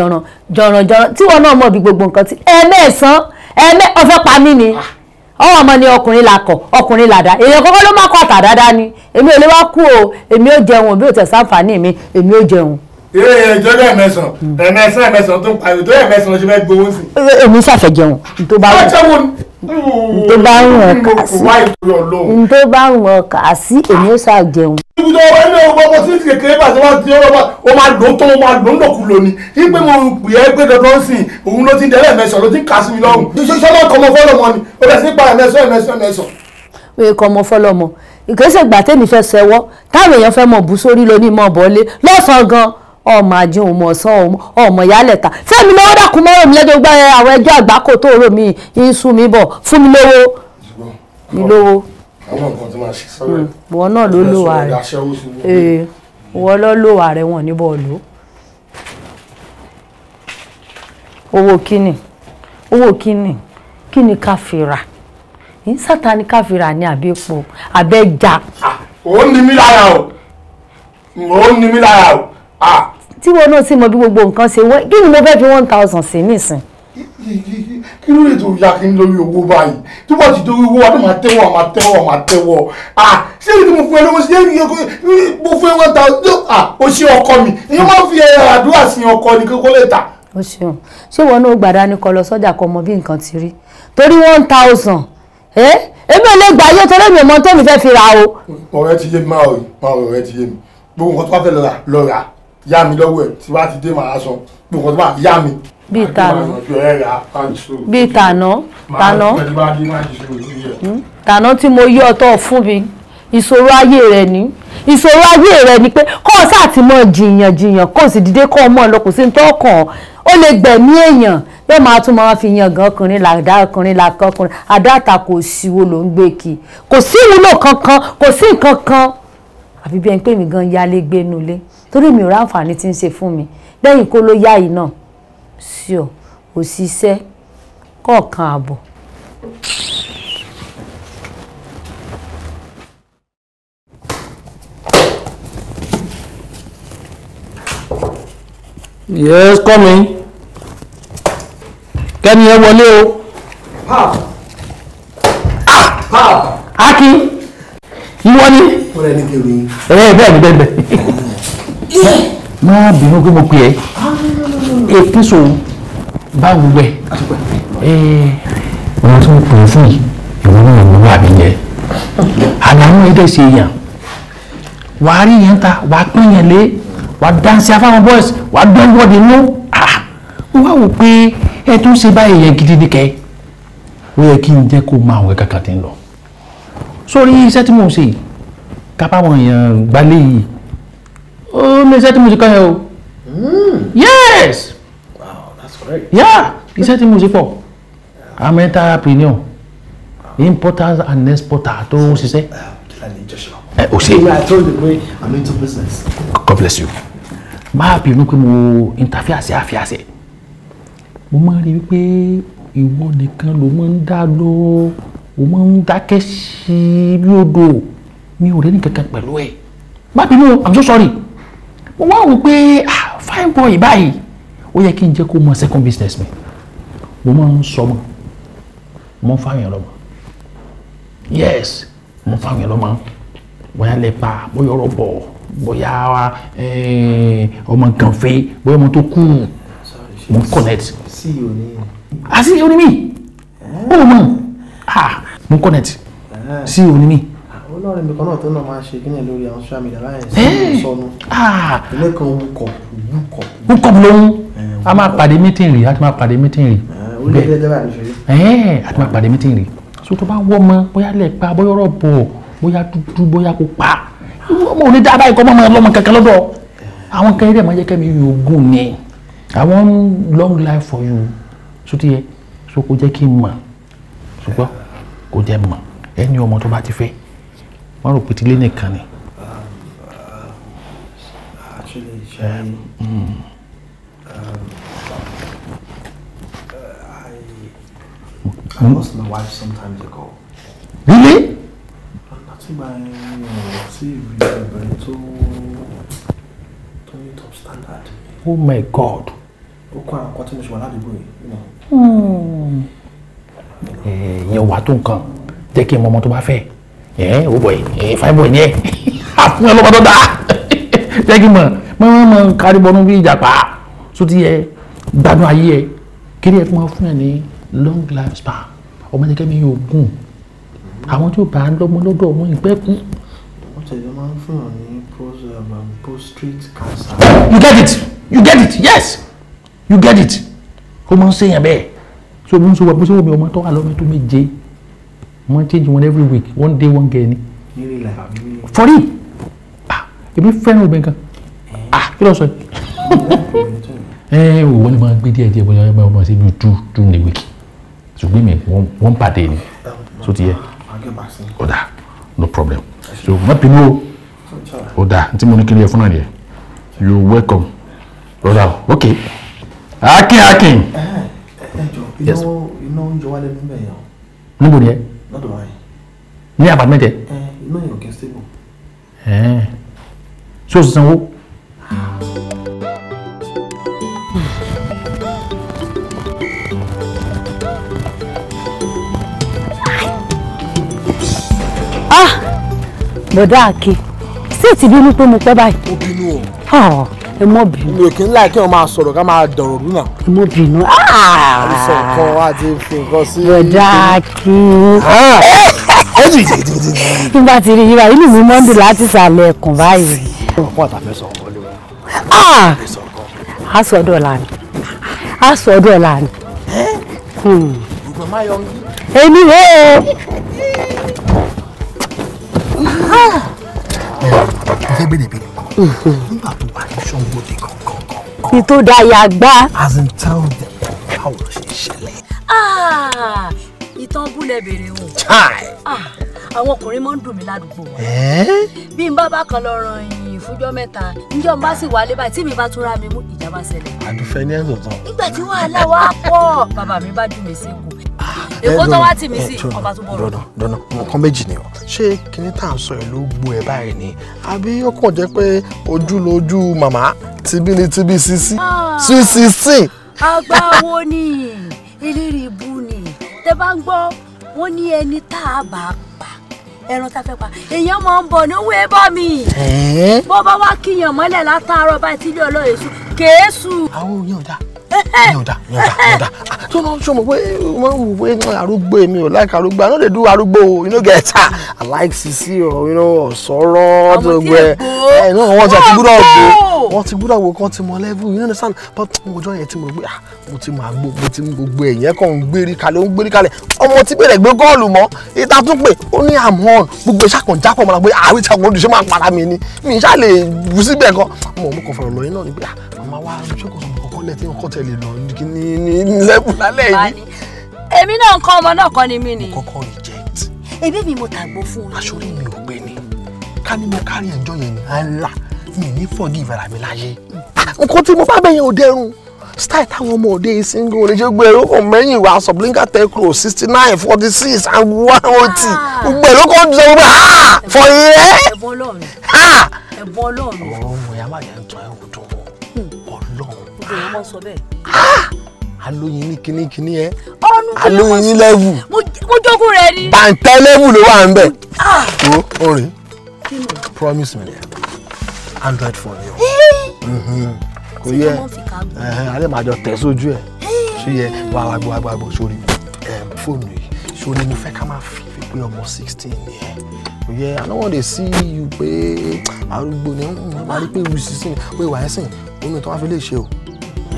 jọ̀ràn tí wọn náà mọ̀ bí gbogbo nǹkan ti ẹ̀ẹ́mẹ́sàn-án ẹ̀ẹ́mẹ́ ọ̀fẹ́ pa mí ni. Ah ọwọ́ ọmọ ni ọkùnrin làkọ̀ ọkùnrin làdá èèyàn kọ́kọ́ ló máa kọ́ àtà dáadáa ni èmi ò lè wá kú o èmi ò jẹun bí ò tẹ̀ sáǹfààní mi èmi ò jẹun. eré ìjọba ẹ̀mẹsàn ẹ̀mẹsàn ẹ̀mẹsàn tó ń pariwo tó ẹ̀mẹsàn ló ṣe fẹ́ gbowó sí. èmi ṣàfẹ́ jẹun tó bá wù. ọjọ́ wo ni tó bá ń wọ̀n kà sí tó bá ń wọ̀n kà sí èmi ó ṣàjẹun. ibi tó wọ́n ní ọgbọ́n kò sí ti kékeré pàṣẹ wá sí ọlọ́pàá ó máa dùn tó máa dùn lòkù lónìí ipe mo pè é pé dandan sí i òun ló ti ń dẹ́lẹ̀ mẹ́sàn-án ló ti ń kà sí mi lọ́rùn ṣọlá kọmọ fọlọmọ ni ó bẹ̀ sí pa ẹ̀mẹ́sàn ẹ̀mẹ́sàn ẹ̀mẹ́sàn. ó yẹ kọmọ fọlọmọ ìkéṣègbà tèmi fẹ́ sẹ́wọ́ táwọn èèyàn fẹ́ mọ̀ bú sórí lóní mọ̀ bọ́lé lọ́sàn-án gan-an ọmọ ajé òun mọ̀ sọ ọmọ ìyálẹ̀ ta fẹ́mi lọ́wọ́ dàkún mọ́rọ̀ mi lẹ́jọ́ gbá àwọn ẹjọ́ àgbákò tó rò mí ń sún mi bọ̀ fún mi lówó mi lówó. àwọn nǹkan tí máa ṣe sọ́rọ̀ hmm, ìwọ náà ló lówà rẹ̀ eh, ìwọ ló lówà rẹ̀ wọ̀n ní bọ́ọ̀lù owó kíni owó kíni kíni ká fi rà ní sátani ká fi rà ní àbẹ́pọ̀ àbẹ́jà. Ah, ó ní mí lára o ó ní mí lára o. Ah, tí wọn náà sì mọ bí gbogbo nǹkan ṣe wọ́n kí ni mo fẹ́ fi one thousand sí nísìn. kí ló lè tó ya kí n lórí owó báyìí tó bá ti dórí owó wa ni màá tẹ́wọ̀ màá tẹ́wọ̀ màá tẹ́wọ̀ ah ṣé ibi tí mo fún ẹ lọ́wọ́ sí ẹ yẹ mo fún one thousand ah o ṣe ọkọ mi ìyẹn máa ń fi àdúrà sí ọkọ ní kókó lè tà. o ṣeun ṣé wọn náà gbàdá ni kọ lọ sọjà kọ mọ bí nǹkan ti rí torí one thousand èmi ò lè gbà yé torí èmi ò mọ tẹ́mi fẹ́ fi ra o. ọ̀rẹ́ ti yé mi máa ọ̀rẹ́ ti yé mi gbogbo nǹkan tó bá fẹ́ lọ rà yá mi lọ́wọ́ ẹ̀ tí wàá ti dé màá sọ gbogbo tó bá yá mi. bí tànà bí tànà tànà tànà tí mo yí ọtọ fún mi ìṣòro ayé rẹ ni ìṣòro ayé rẹ ni pé kó o sáà ti mọ jiyàn jiyàn kó o sì dìde kó o mọ lọ kò sí ní tọkàn ó lè gbẹ̀mí èèyàn yóò máa tún máa fi yangàn ọkùnrin làdá ọkùnrin làkọkùnrin àdáàtà kò síwó ló ń gbé kí kò sí ìwúlò kankan kò sí nǹkan kan àfi bí ẹni pé mi gan yálé gbé nulẹ̀ torí mi ò ráǹfààní tí ń ṣe fún mi lẹ́yìn kó ló yá yìí náà sí ọ òṣìṣẹ́ kọ̀ọ̀kan àbọ̀. yes coming kẹ́ni ẹ wọlé o. pap ah! pap akin ìwọ ni ó rẹ ní kí orin. ẹ ẹ bẹ́ẹ̀ ni bẹ́ẹ̀ bẹ́ẹ̀ eh. má bínú pé mo pè ẹ́ èpè so báwo wẹ̀ wọ́n tún pè é fún yìí ìwọ náà ló wà mí yẹn àlàáhùn ẹ̀dẹ̀ ṣe yàn wàá rí yẹn ta wàá pín yẹn lé wàá dáńsì afáwọn boys wàá dánwọ́dì nú ah, mo wá wò pé ẹ tún ṣe báyìí yẹn gidi nìkẹ́ ó yẹ kí n jẹ́ kó máa wẹ̀ kàkà tí ń lọ sórí iṣẹ́ tí mò ń ṣe yìí kápáwọn èèyàn gbalé yìí ó lè tí mo ti kọ́ yẹn o hmm. yes wow that's great yeah iṣẹ́ tí mo ti pọ̀ i'm opinion. importers and exporters tó ń ṣiṣẹ́. Ah, ẹ o ṣe. i'm into business. god bless you. máa bínú pé mo interfíàsì àfíàsì mo máa rí wípé ìwọ nìkan ló máa ń dá lọ o máa ń dákẹ́ sí bí odò mi ò rẹ́ni kankan pẹ̀lú ẹ̀ má bínú i'm so sorry mo wá wò pé ah fine boy báyìí ó yẹ kí n jẹ́ kó mọ second business mi mo máa ń sọmọ mo ń fáwọn èèyàn lọ́mọ yes mo ń fáwọn èèyàn lọ́mọ bóyá lẹ́pa bóyá ọ̀rọ̀ bọ̀ bóyá eh, ọmọ gànfẹ́ bóyá ọmọ tó kú mo ń connect àti e ah, e onímì eh? ó mọ̀ ah mo ń connect sí eh. e onímì olórin mi kan náà tó náà máa ń ṣe kíni lórí àwọn social media láyẹn sọnù ah! ilé kan wúkọ̀ wúkọ̀. wúkọ̀ ló ń a máa pàdé meeting rè a ti máa pàdé meeting rè. olè jẹjẹrẹ àdìsọyé. a ti máa pàdé meeting rè so tó bá wọ́ ọmọ bóyá lẹ́pa bóyá ọ̀rọ̀ bọ̀ bóyá dúdú bóyá kó pa ọmọ ò ní dá báyìí kọ́ ọmọ ọlọ́mọ kankan lọ́dọ̀ àwọn kan eré máa jẹ́ long life for you so kò jẹ́ kí n mọ̀ ṣùgbọ́n kò jẹ́ mọ̀ ẹni ọmọ tó bá ti fẹ́ wọ́n rò pé tilé nìkan ni. actually um, hmm. um, I, I hmm? lost my wife some time ago. Really? Àti máa ń rìn sí ìrírí obìnrin tó standard. Oh my God. Ó kọ́ àwọn nǹkan tí mo ṣe wà ládùúgbò yìí. Ẹ̀yẹ̀ hmm. eh, wà tó nǹkan jẹ́ kí n mọ ọmọ tó bá fẹ́ ẹ ò bọ̀ ẹ fáì bọ̀ yẹn àfún ẹ lọ́kọ́ tó dáa jẹ́ kí mọ̀ mọ̀ mọ̀ kárí bọ́nú bí ìjàpá sotí ẹ gbádùn ayé ẹ kí ni ẹ fún ẹ fún ẹ ní long life span ọmọ ẹni kẹ́mi yóò gùn àwọn tí ó bá lọ́mọ lọ́dọ̀ wọn ìpẹ́ kú. wọ́n tẹ̀lé máa ń fún ọ ní street cancer. you get it you get it yes you get it ó máa ń ṣèyàn bẹ́ẹ̀ so mo ń sọ wà bó ṣe wọ́n mi ọmọ tó wà lọ́mọ tó méje wọ́n change one every week one day one girl ni. for real ah èmi fẹ́ràn obìnrin kan ah kí ló sọ ẹ ẹ wọ́n lè máa gbé díẹ̀ díẹ̀ bóyá báyọ̀ máa ṣe bí two in a week ṣùgbọ́n mi wọ́n pàdé ni so ti yẹ ó dáa no problem so má bínú o ó dáa tí mo ní kí ni yẹ fún náà nìyẹn you welcome brother ok akin akin. ẹ ẹ jọ iná oúnjẹ wa lẹnu bẹ́ẹ̀ yẹn. níbo ni ẹ. Not do I. Ní apartment ẹ? inú yẹn kí n stable. Ẹ ṣé o sì sanwó? Ah! Bọ̀dá Akin, ṣé ti bínú pé pẹ́ báyìí? Ó bínú o. Ah! ẹ mọ bínú. mi ò kí ń láì kí wọn máa sọ̀rọ̀ ká máa dọ̀rọ̀ rú náà. ẹ mọ bínú. Ah! àìsàn nǹkan wa ti fi nǹkan sí. bọ̀dá kí. nígbà tí rí yíra inú mi mọ́ndù láti sàlẹ̀ ẹ̀kùn báyìí. ọ̀pọ̀ sọ ah! ọ̀pọ̀ lórí. ni a sọ dọ̀là ni. Hmm. èmi rèé. ẹ ah! fẹ́ gbé nìbí nígbà tó wà ní Ṣàngódé kankan kankan. ní tó dáyà gbá. as in tell them báwo ló ṣe ṣẹlẹ̀. Ah, ìtàn búlẹ̀ bèrè o. chai. Ah, àwọn ọkùnrin máa ń dùn mí ládùúgbò wa. Eh? bí n bá bá kan lọ ran ìyìn fúnjọ́ mẹ́ta níjọ́ n bá sì wálé báyìí tí mi bá tún ra mi mú ìjà bá ṣẹlẹ̀. àdùfẹ́ ní ẹ̀sùn tán. nígbà tí wàhálà wa pọ̀ bàbá mi bá jù mí sí kù Eh, èkó tó wá tì mí eh, sí ọba tó bọ̀rọ̀. dọ̀nà dọ̀nà nǹkan méjì ni o ṣé kíní tá à ń sọ yìí ló gbó ẹ báyìí ni àbí ó kàn jẹ́ pé ojú lójú màmá tibí ni tibí sisi ah. sweet sixteen. àgbà wo ni eléré ibú ni tẹ bá ń gbọ́ wọ́n ní ẹni tá a bá pa ẹran tá a fẹ́ pa èèyàn máa ń bọ̀ ní owó ẹbọ mi bó bá wá kíyàn mọ́lẹ̀ látàárọ̀ bá ti lé ọlọ́yẹ̀sù kèésù. àwọn òyìn ọ̀dà ní ọ̀dà ní ọ̀dà ní ọ̀dà tó náà ah, ṣọmọ pé wọ́n wù pé arúgbó èmi ò like arúgbó I no dey do arúgbó o you no get ah I like sisi or you know ọ̀sọ́rọ́ tó gbẹ ẹ̀ náà wọ́n ti gbúdọ̀ gbó wọ́n ti gbúdọ̀ gbó kan ti mọ level you understand but mo jọ yẹn ti mọ̀ pé ah mo ti máa gbó mo ti gbogbo ẹ̀yẹn kàn ń gbérí kalẹ̀ ń gbérí kalẹ̀ ọmọ tí bẹ̀rẹ̀ gbé gọ́ọ̀lù mọ́ ìta tún pé ó ní àmọ́ gbogbo ìṣàkànjápọ̀ mọ́ra pé àárín ah, ìṣàkànjọ́ ṣe máa para mi ni mi ìṣàlè jù síbẹ̀ kan mo mú kàn fọ̀rọ̀ lọ́yìn náà ni pé ah màmá wa ṣókòó sọ̀rọ̀ lẹ ti ń kọ́ tẹ̀lé lọ ní lẹ́bù lálẹ́ yìí. èmi náà ń kọ́ ọmọ náà kọ́ ni mí ni. kọ́kọ́ reject. ebi mi mo tàgbó fún un. aṣọ orí mi ò gbé ni ká ní mo kárí ẹ̀jọ́ yẹn ní àlá mi ní forgive ara mi láyé. Ah, nǹkan tí mo bá bẹ̀yẹn ò dẹrùn style táwọn ọmọ òde ìsinmi oníṣègùn ẹ̀rọ kan mẹ́yìn wa sublinka tecro sixty nine forty six and one eighty oh ah. gbogbo ẹ̀rọ kan jẹ́ wọ́n ha for ire. ẹ̀bọ́n ọlọ́run ah. ẹ̀bọ́n ọlọ́run. ọ̀rọ̀ ọmọ ìyá máa yẹn tọ́ ẹ̀ wò dùn gbogbo èèyàn mọ̀ sọ bẹ́ẹ̀. Ah! alóyin ní kinní kinní yẹn alóyin ní lẹ́wù. mo jókòó rẹ ni. bàǹtẹ́ lẹ́wù ló wà ń bẹ̀. Ah! wo orin promise me android phone yẹn mhm. kò yẹ alẹ́ màá jọ tẹ̀ sójú ẹ̀ ṣé yẹ wà wà gbọ́ wà gbọ́ sórí fóònù yìí sórí mo fẹ́ ká máa fi pé ọmọ sixteen yẹn kò yẹ I no wan dey see you pé arúgbó ni wọ́n hmm, máa rí pé you sixteen pé wàá ẹ̀sìn òun ni tó wá fi lè ṣe o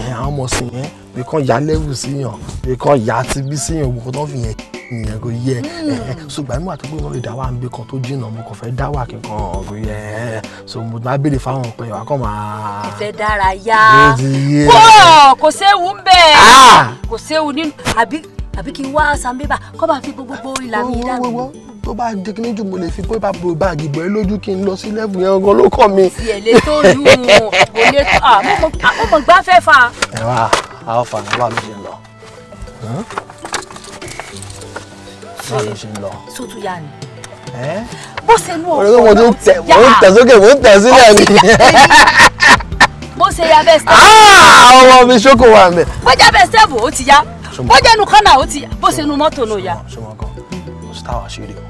yẹn àwọn ọmọ sí yẹn bí kan ya level sí yàn bí kan ya ti bí sí yàn gbogbo tó fi yẹn ìyẹn kò yẹ ẹ ṣùgbọ́n nígbà tó gbóná lè dá wà níbi kan tó jìnnà mo kàn fẹ́ dá wà kankan kò yẹ ẹ so mo máa béèrè fáwọn ọ̀pẹ wa kàn máa. ìfẹ́ dára yá pọ̀ kò séwu ń bẹ̀ ah! kò séwu nínú àbí kí n wá sanbébà kọ́ bá fi gbogbo ìlànà ìdáná tó bá di kíní jù mo lè fi pépà bò báàgì bọ̀ ẹ́ lójú kí n lọ sí lẹ́bù yẹn gan ló kọ́ mi. tiẹ̀ lè tó lù ú kò lè tó àmọ́ gbá fẹ́ fa. ẹ wá a ó fa ní wàá ló ṣe ń lọ. wàá ló ṣe ń lọ. sótú yá ni bó ṣe mú ọkọ náà ló ti yá mo ń tẹ̀ sókè mo ń tẹ̀ sílẹ̀ ni. bó ṣe ya bẹ́ẹ̀ sẹ́ẹ̀bù. Ah, ọmọ mi ṣókò wà mẹ́. bó jẹ́ bẹ́ẹ̀ sẹ́ẹ̀bù ó ti yá bó jẹ́ nu kọ́nà ó ti yá bó ṣe nu mọ́tò ló yá. ṣùgbọ́n kan mo ṣe táwọn àṣírí o.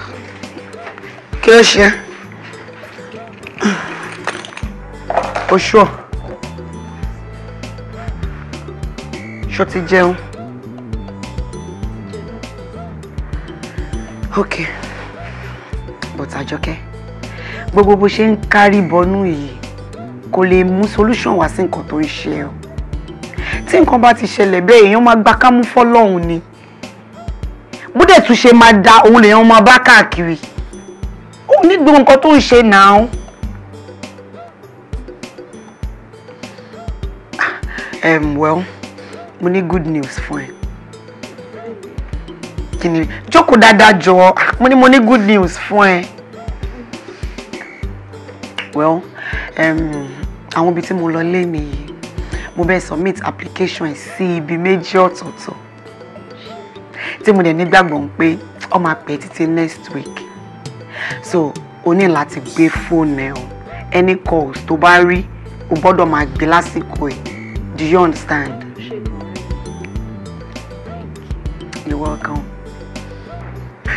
kí ló ṣe o ṣọ ṣọ ti jẹun ok but àjọkẹ́ gbogbo bó ṣe ń kárí bọnú yìí kò lè mú solution wá sí nǹkan tó ń ṣe ọ tí nǹkan bá ti ṣẹlẹ̀ bẹ́ẹ̀ èèyàn máa gbá kámú fọ́lọ́hún ni bó dẹ̀ tún ṣe máa da òun lèèyàn máa bá káàkiri ó ní gbogbo nǹkan tó ń ṣe náà um, well mo ní good news fún ẹ kí ni jókòó dáadáa jọ mo ní mo ní good news fún ẹ well àwọn ibi tí mo lọ lé mi yìí mo bẹ́ẹ̀ submit application ẹ̀ sí ibi méjì ọ̀tọ̀ọ̀tọ̀ tí mo dẹ̀ nígbàgbọ́ pé ó máa pẹ́ títí next week so o ní láti gbé fóònù ẹ o any calls to bá rí o gbọ́dọ̀ máa gbé lásìkò ẹ̀ do you understand? you're welcome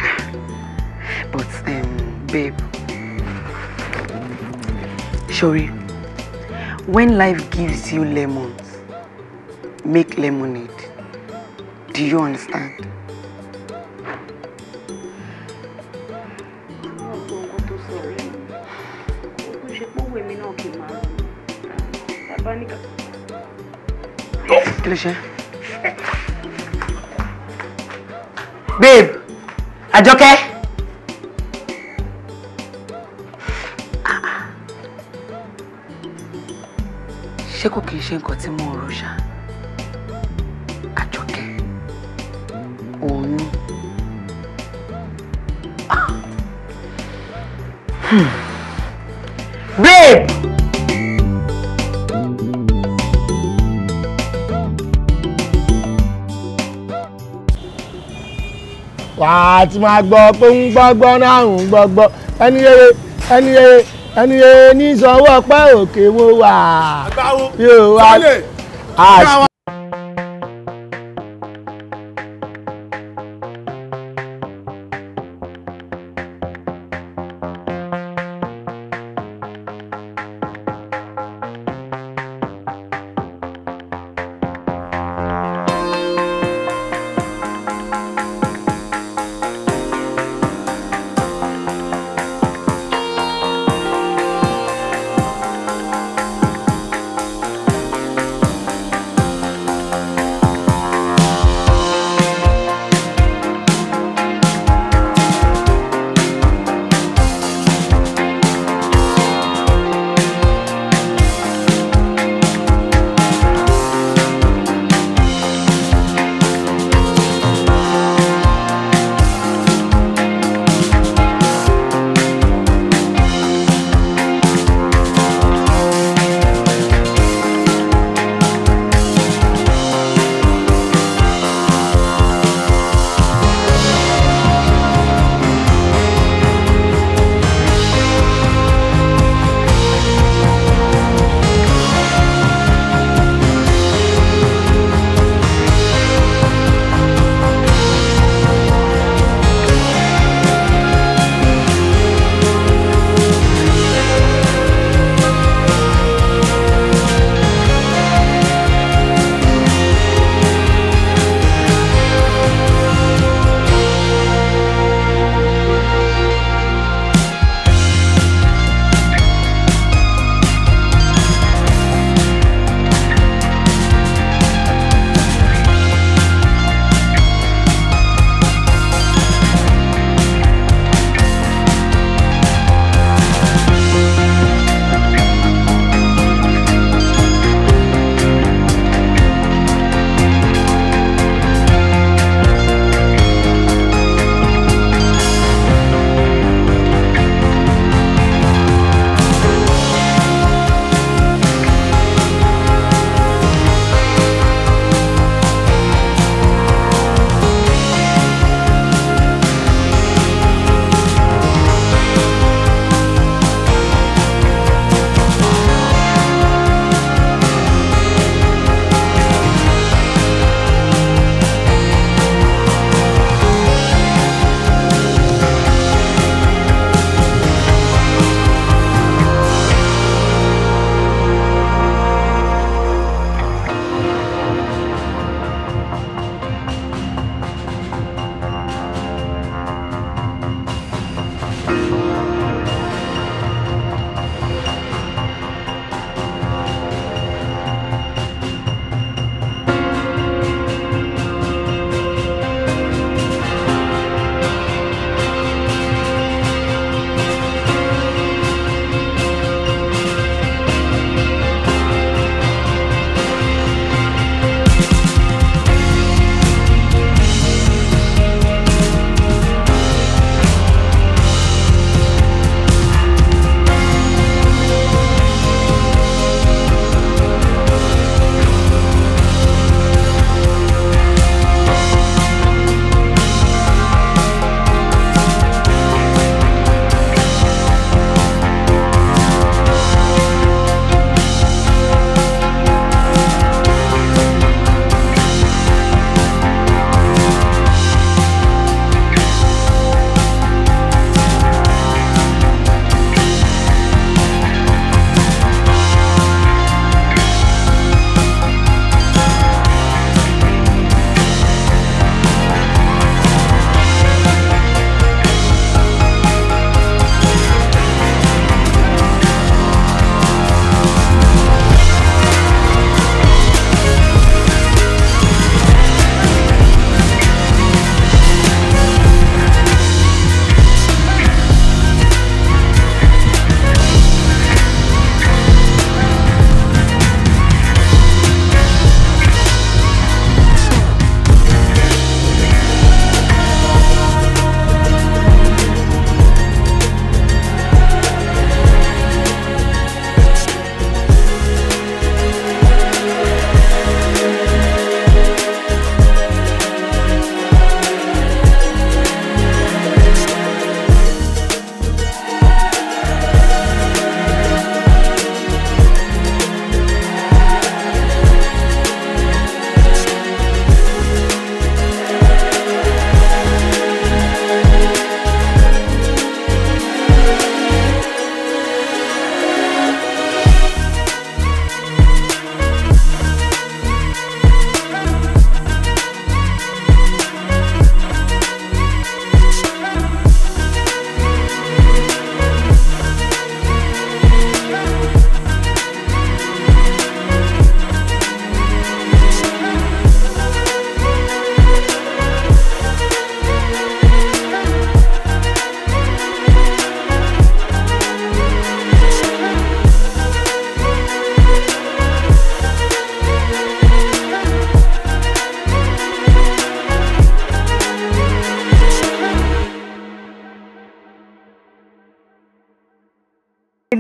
but um, babe sorry when life gives you lemons make lemonade do you understand? kí ló ṣe? babe àjọkẹ́. ṣé kò kí n ṣe nǹkan tí mo rò ṣá àjọkẹ́ òun. Hmm. babe. Fatima gbọ́ pé ń gbọ́gbọ́ náà ń gbọ́gbọ́ ẹni rere ẹni rere ẹni rere ní sanwó ọpẹ́ òkè wo wà. àgbáwo sọlẹ.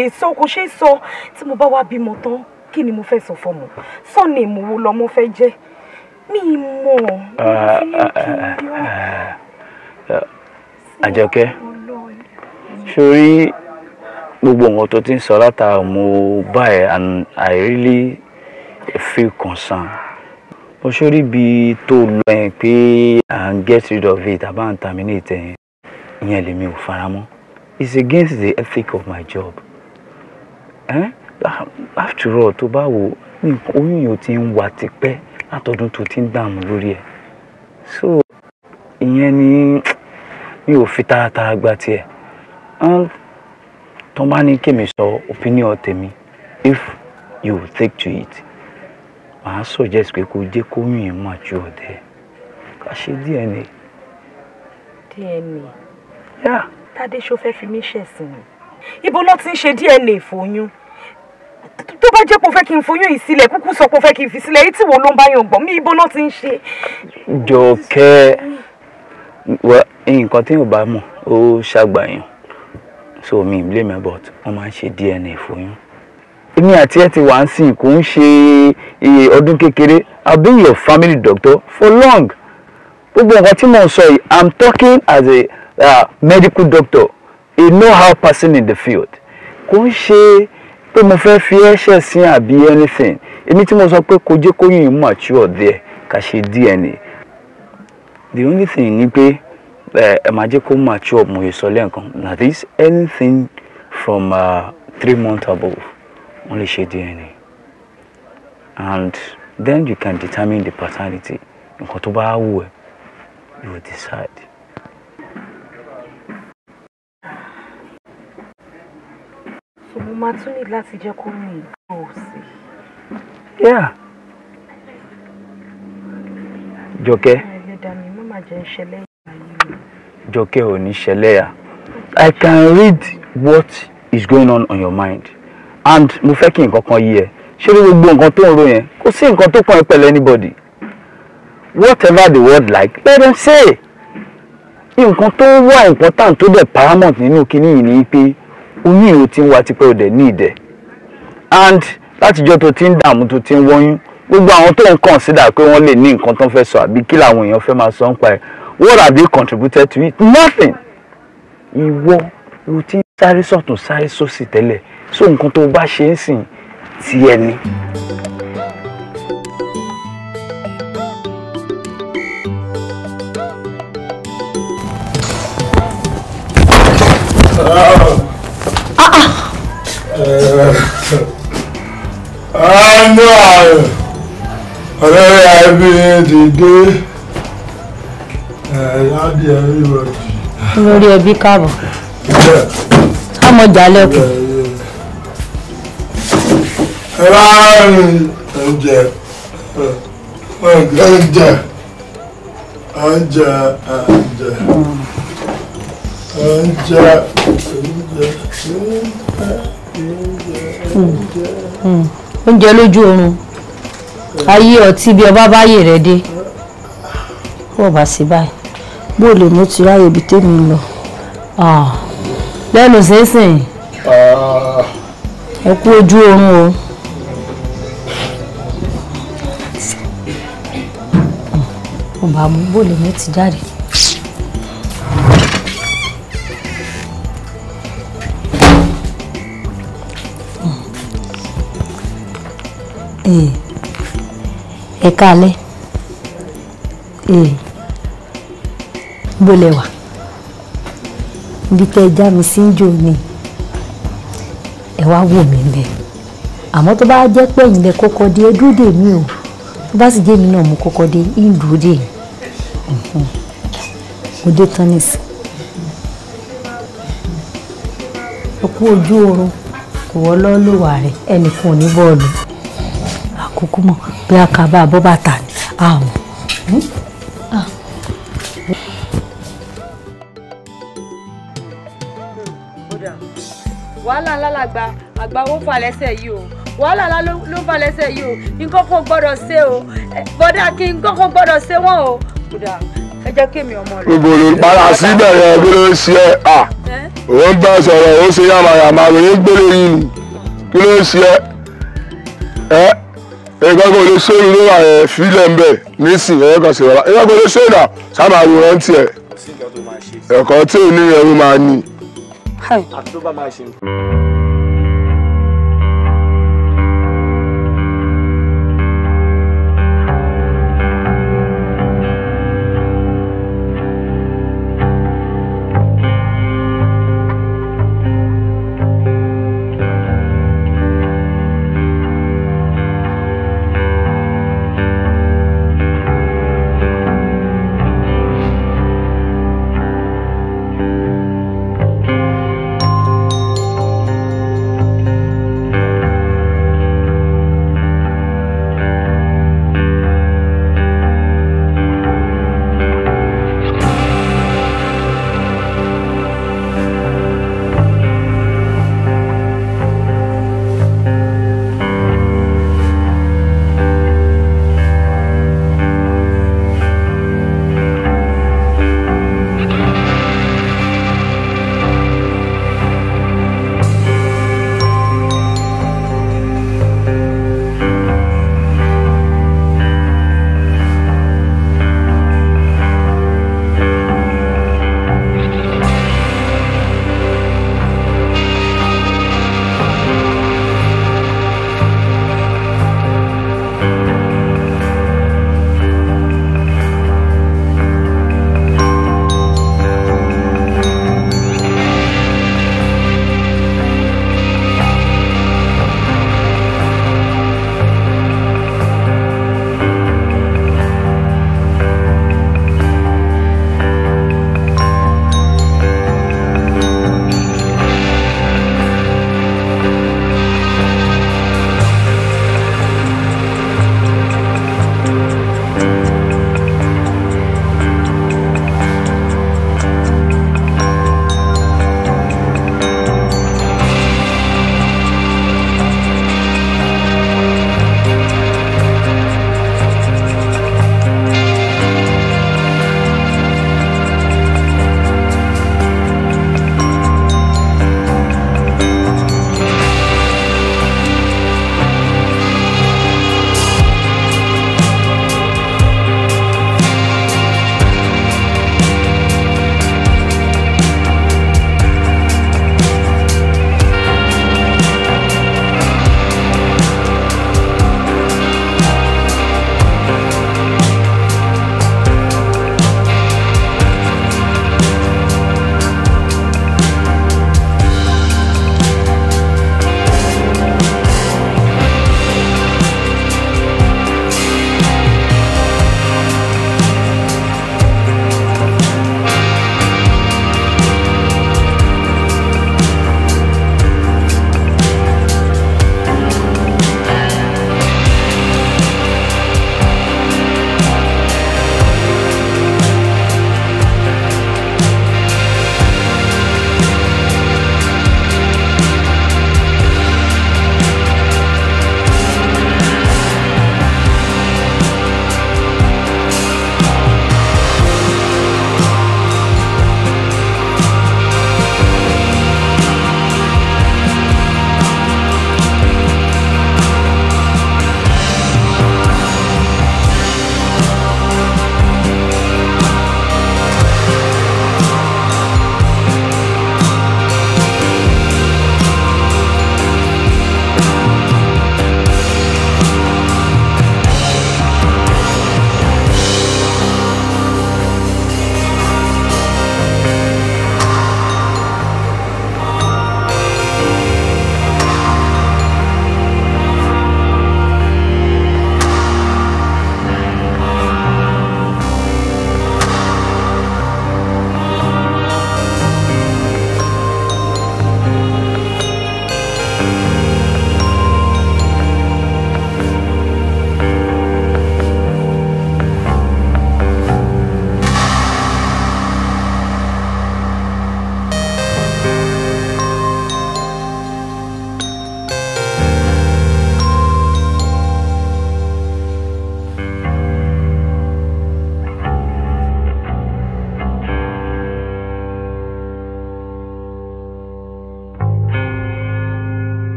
lè sọ kò ṣeé sọ tí mo bá wá bímọ tán kí ni mo fẹ́ sọ fọmọ sọ́ni ìmúwo lọmọ fẹ́ jẹ́ mi mọ̀ eh, eh, eh, àjọkẹ́ sórí gbogbo nǹkan tó ti ń sọ látara mo bá ẹ and I really feel concerned bó sórí tó lọ yẹn pé à ń get rid of it àbá ń terminate yẹn ìyẹn lèmi ò faramọ́ it's against the ethic of my job after all tó bá wò oyún yìí ó ti ń wà tipẹ́ látọdún tó ti ń dààmú lórí ẹ̀ so ìyẹn ni mi ò fi taratara gba tiẹ̀ tó bá ní kémi sọ opinion tèmi if you take to it màá suggest pé kó jẹ́ kó yún yìí mà ju ọ̀dẹ́ ká ṣe DNA. DNA. yá. tádé ṣó fẹ́ fi mí ṣẹ̀sìn ibo ló ti ń ṣe DNA fòyún tó bá jẹ́ pé o fẹ́ kí n foyún yìí sílẹ̀ kúkú sọ pé o fẹ́ kí n fi sílẹ̀ èyí tí wọ́n ló ń bá yan gbọ̀n mí ibo náà ti ń ṣe. jọkẹ́ nǹkan tí yóò bá mọ̀ ó ṣàgbàyàn so mi blame about wọ́n máa ń ṣe DNA foyún. èmi àti ẹ ti wà ń sìn kò ń ṣe ọdún kékeré I've been your family doctor for long gbogbo nǹkan tí mo ń sọ yìí I'm talking as a uh, medical doctor a know-how person in the field kò ń ṣe pé mo fẹ́ fi ẹ̀ṣẹ̀ sin àbí anything èmi tí mo sọ pé kò jẹ́ kóyún ìmú àtúwọ̀ díẹ̀ ká ṣe DNA the only thing ni pé ẹ máa jẹ́ kó mature mo yẹ sọ lẹ́ẹ̀kan that is anything from uh, three months above wọ́n lè ṣe DNA and then you can determine the paternity nǹkan tó bá wù ẹ́ you decide. mo máa tún ní láti jẹ́ kó rìn ìgbà òsì. jọkẹ́. ẹlẹ́dàá mi má máa jẹ́ ìṣẹ̀lẹ̀ ìgbà jọkẹ́ ò ní ṣẹlẹ́yà i can read what is going on on your mind and mo fẹ́ kí nǹkan kan yí ẹ ṣé ní gbogbo nǹkan tó ń ro yẹn kò sí nǹkan tó kàn ẹ́ pẹ̀lú anybody whatever the word like let them say nǹkan tó wà important tó dẹ̀ paramount nínú kinní yìí ni pé oyún èrò ti ń wá tipẹ́ òdẹ ní ìdẹ and látijọ́ tó ti ń dààmú tó ti ń wọ́yún gbogbo àwọn tó ń consider pé wọ́n lè ní nǹkan tó ń fẹ́ sọ àbí kí làwọn èèyàn fẹ́ máa sọ ń pa ẹ̀ what have you contributed to it nothing ìwọ ló ti ń sáré sọ̀tún sáré sósì tẹ́lẹ̀ so nǹkan tó bá ṣe ń sìn ti ẹni. Oh. Ah. I I I know. have been àánú àrùn ọ̀rẹ́ àbí dìde How much ìwọ̀dì. olórí ẹbí káàbọ̀ ọmọ jálẹ̀kùn. láàrin oúnjẹ oúnjẹ oúnjẹ oúnjẹ oúnjẹ oúnjẹ. Hmm. Hmm. oúnjẹ lójú oorun ayé ọtí bí ọba báyè rẹ dé pọ̀ bá sí báyìí bó lè mú ti ráyè ibi tèmi lọ ah. lẹ́nu ṣẹ́sìn ah. ẹ kú ojú oorun o. ọba hmm. mú bó lè mú ti jáde. Eh. e kale e bolewa bite ja mi sinjo ni e wa wo mi nbe amo to ba je pe yin le koko di edude mi o to ba si je mi na mo koko di indude o de tanis o ku oju orun ko wo lo luwa re enikun ni bolu kúkú mọ̀ bí a kà bá bọ́ bàtà ni àmọ́. Hmm? wàhálà ńlá làgbà àgbà owó fà lẹ́sẹ̀ yìí o wàhálà ńlá ló fà lẹ́sẹ̀ yìí o nǹkan kan gbọ́dọ̀ ṣe o eh, bọ́dà kí nǹkan kan gbọ́dọ̀ ṣe wọ́n o kódà ẹ jẹ́ kémi ọmọ rẹ. gbogbo ló para sí bẹ̀rẹ̀ bí ló ń ṣe à òun bá sọ̀rọ̀ ó ṣe yàmàyàmà lóyún gbélé yìí kí ló ń ṣe ẹ́ ẹ̀gbọ́n kò lè ṣe irú lóra ẹ̀ fílẹ̀ ń bẹ̀ nísìn ẹ̀yẹ́ kan ṣe rọra ẹ̀gbọ́n kò lè ṣe ìdá sábà àwòrán tiẹ̀ ẹ̀kọ́ tí ò ní ẹrú máa ní. àti tó bá máa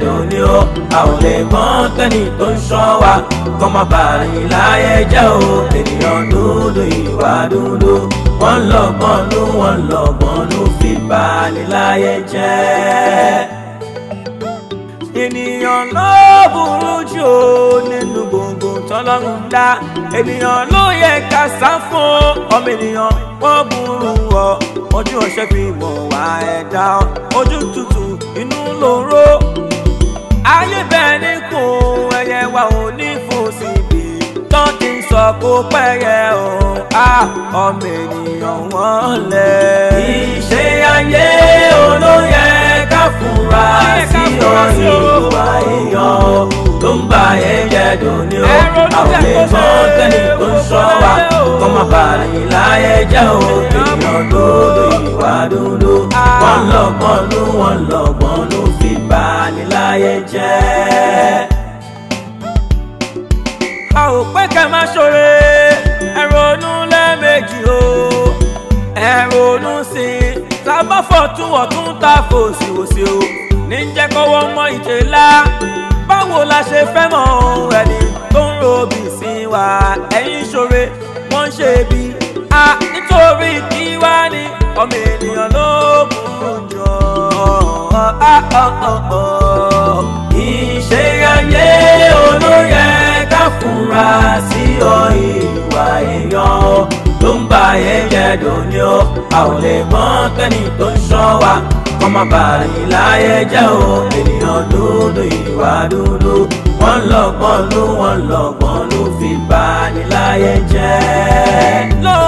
ẹ̀dùn ni ó a ò lè mọ̀ kẹ́ni tó ń sọ wa kọ́ má bàa yín láyé jẹ́ o ènìyàn dúdú ìwà dúdú wọ́n lọ́gbọ́n ló wọ́n lọ́gbọ́n ló fi bà ní láyé jẹ́. ènìyàn ló burú jù ó nínú gbogbo tọ́lọ́run dá ènìyàn ló yẹ ká sá fún ọmọ ènìyàn wọ́n burú ọ ojú ọ̀sẹ̀ fi mọ̀ wá ẹ̀dá ojú tútù inú lóró ayé bẹ́ẹ̀ ní kò ẹyẹ wa ò ní fò síbi tó ti ń sọ kó pẹ́yẹ o a ọmọ ènìyàn wọ́n lẹ̀. ìṣe ayé olóyè ká fura sí ọ̀rìn ìwà èèyàn tó ń ba ẹyẹ dùn ní o àwọn èèmọ tẹni tó ń sọ wa kó má bàyìí láyé jẹ́ o èèyàn lóde ìwà dúdú ah. wọn lọ́gbọ́n ló wọn lọ́gbọ́n ló fi bá a baniláyé jẹ́. a ò pé kẹ́ má ṣoore ẹ ronú lẹ́ẹ̀mejì o ẹ ronú sí i tábàfọ̀ tún ọ̀tún ta kò sí òsì o ní jẹ́ kọ́wọ́ mọ ìjẹ́lá báwo la ṣe fẹ́ mọ ohun ẹni tó ń ro bí sin wa ẹ̀yin ṣoore wọ́n ń ṣe bí a nítorí kí wá ní ọmọ ènìyàn ló kún un jọ ìṣeyẹyẹ olóyè ká fura sí ọ ìwà èèyàn o ló ń ba ẹyẹ dòní o a ò lè mọ kẹ́ni tó ń sọ wa kọ́mọ bàyí láyé jẹ́ o ènìyàn dúdú ìwà dúdú wọ́n lọ́gbọ́n ló wọ́n lọ́gbọ́n ló fi bàyí láyé jẹ́. lọ́wọ́.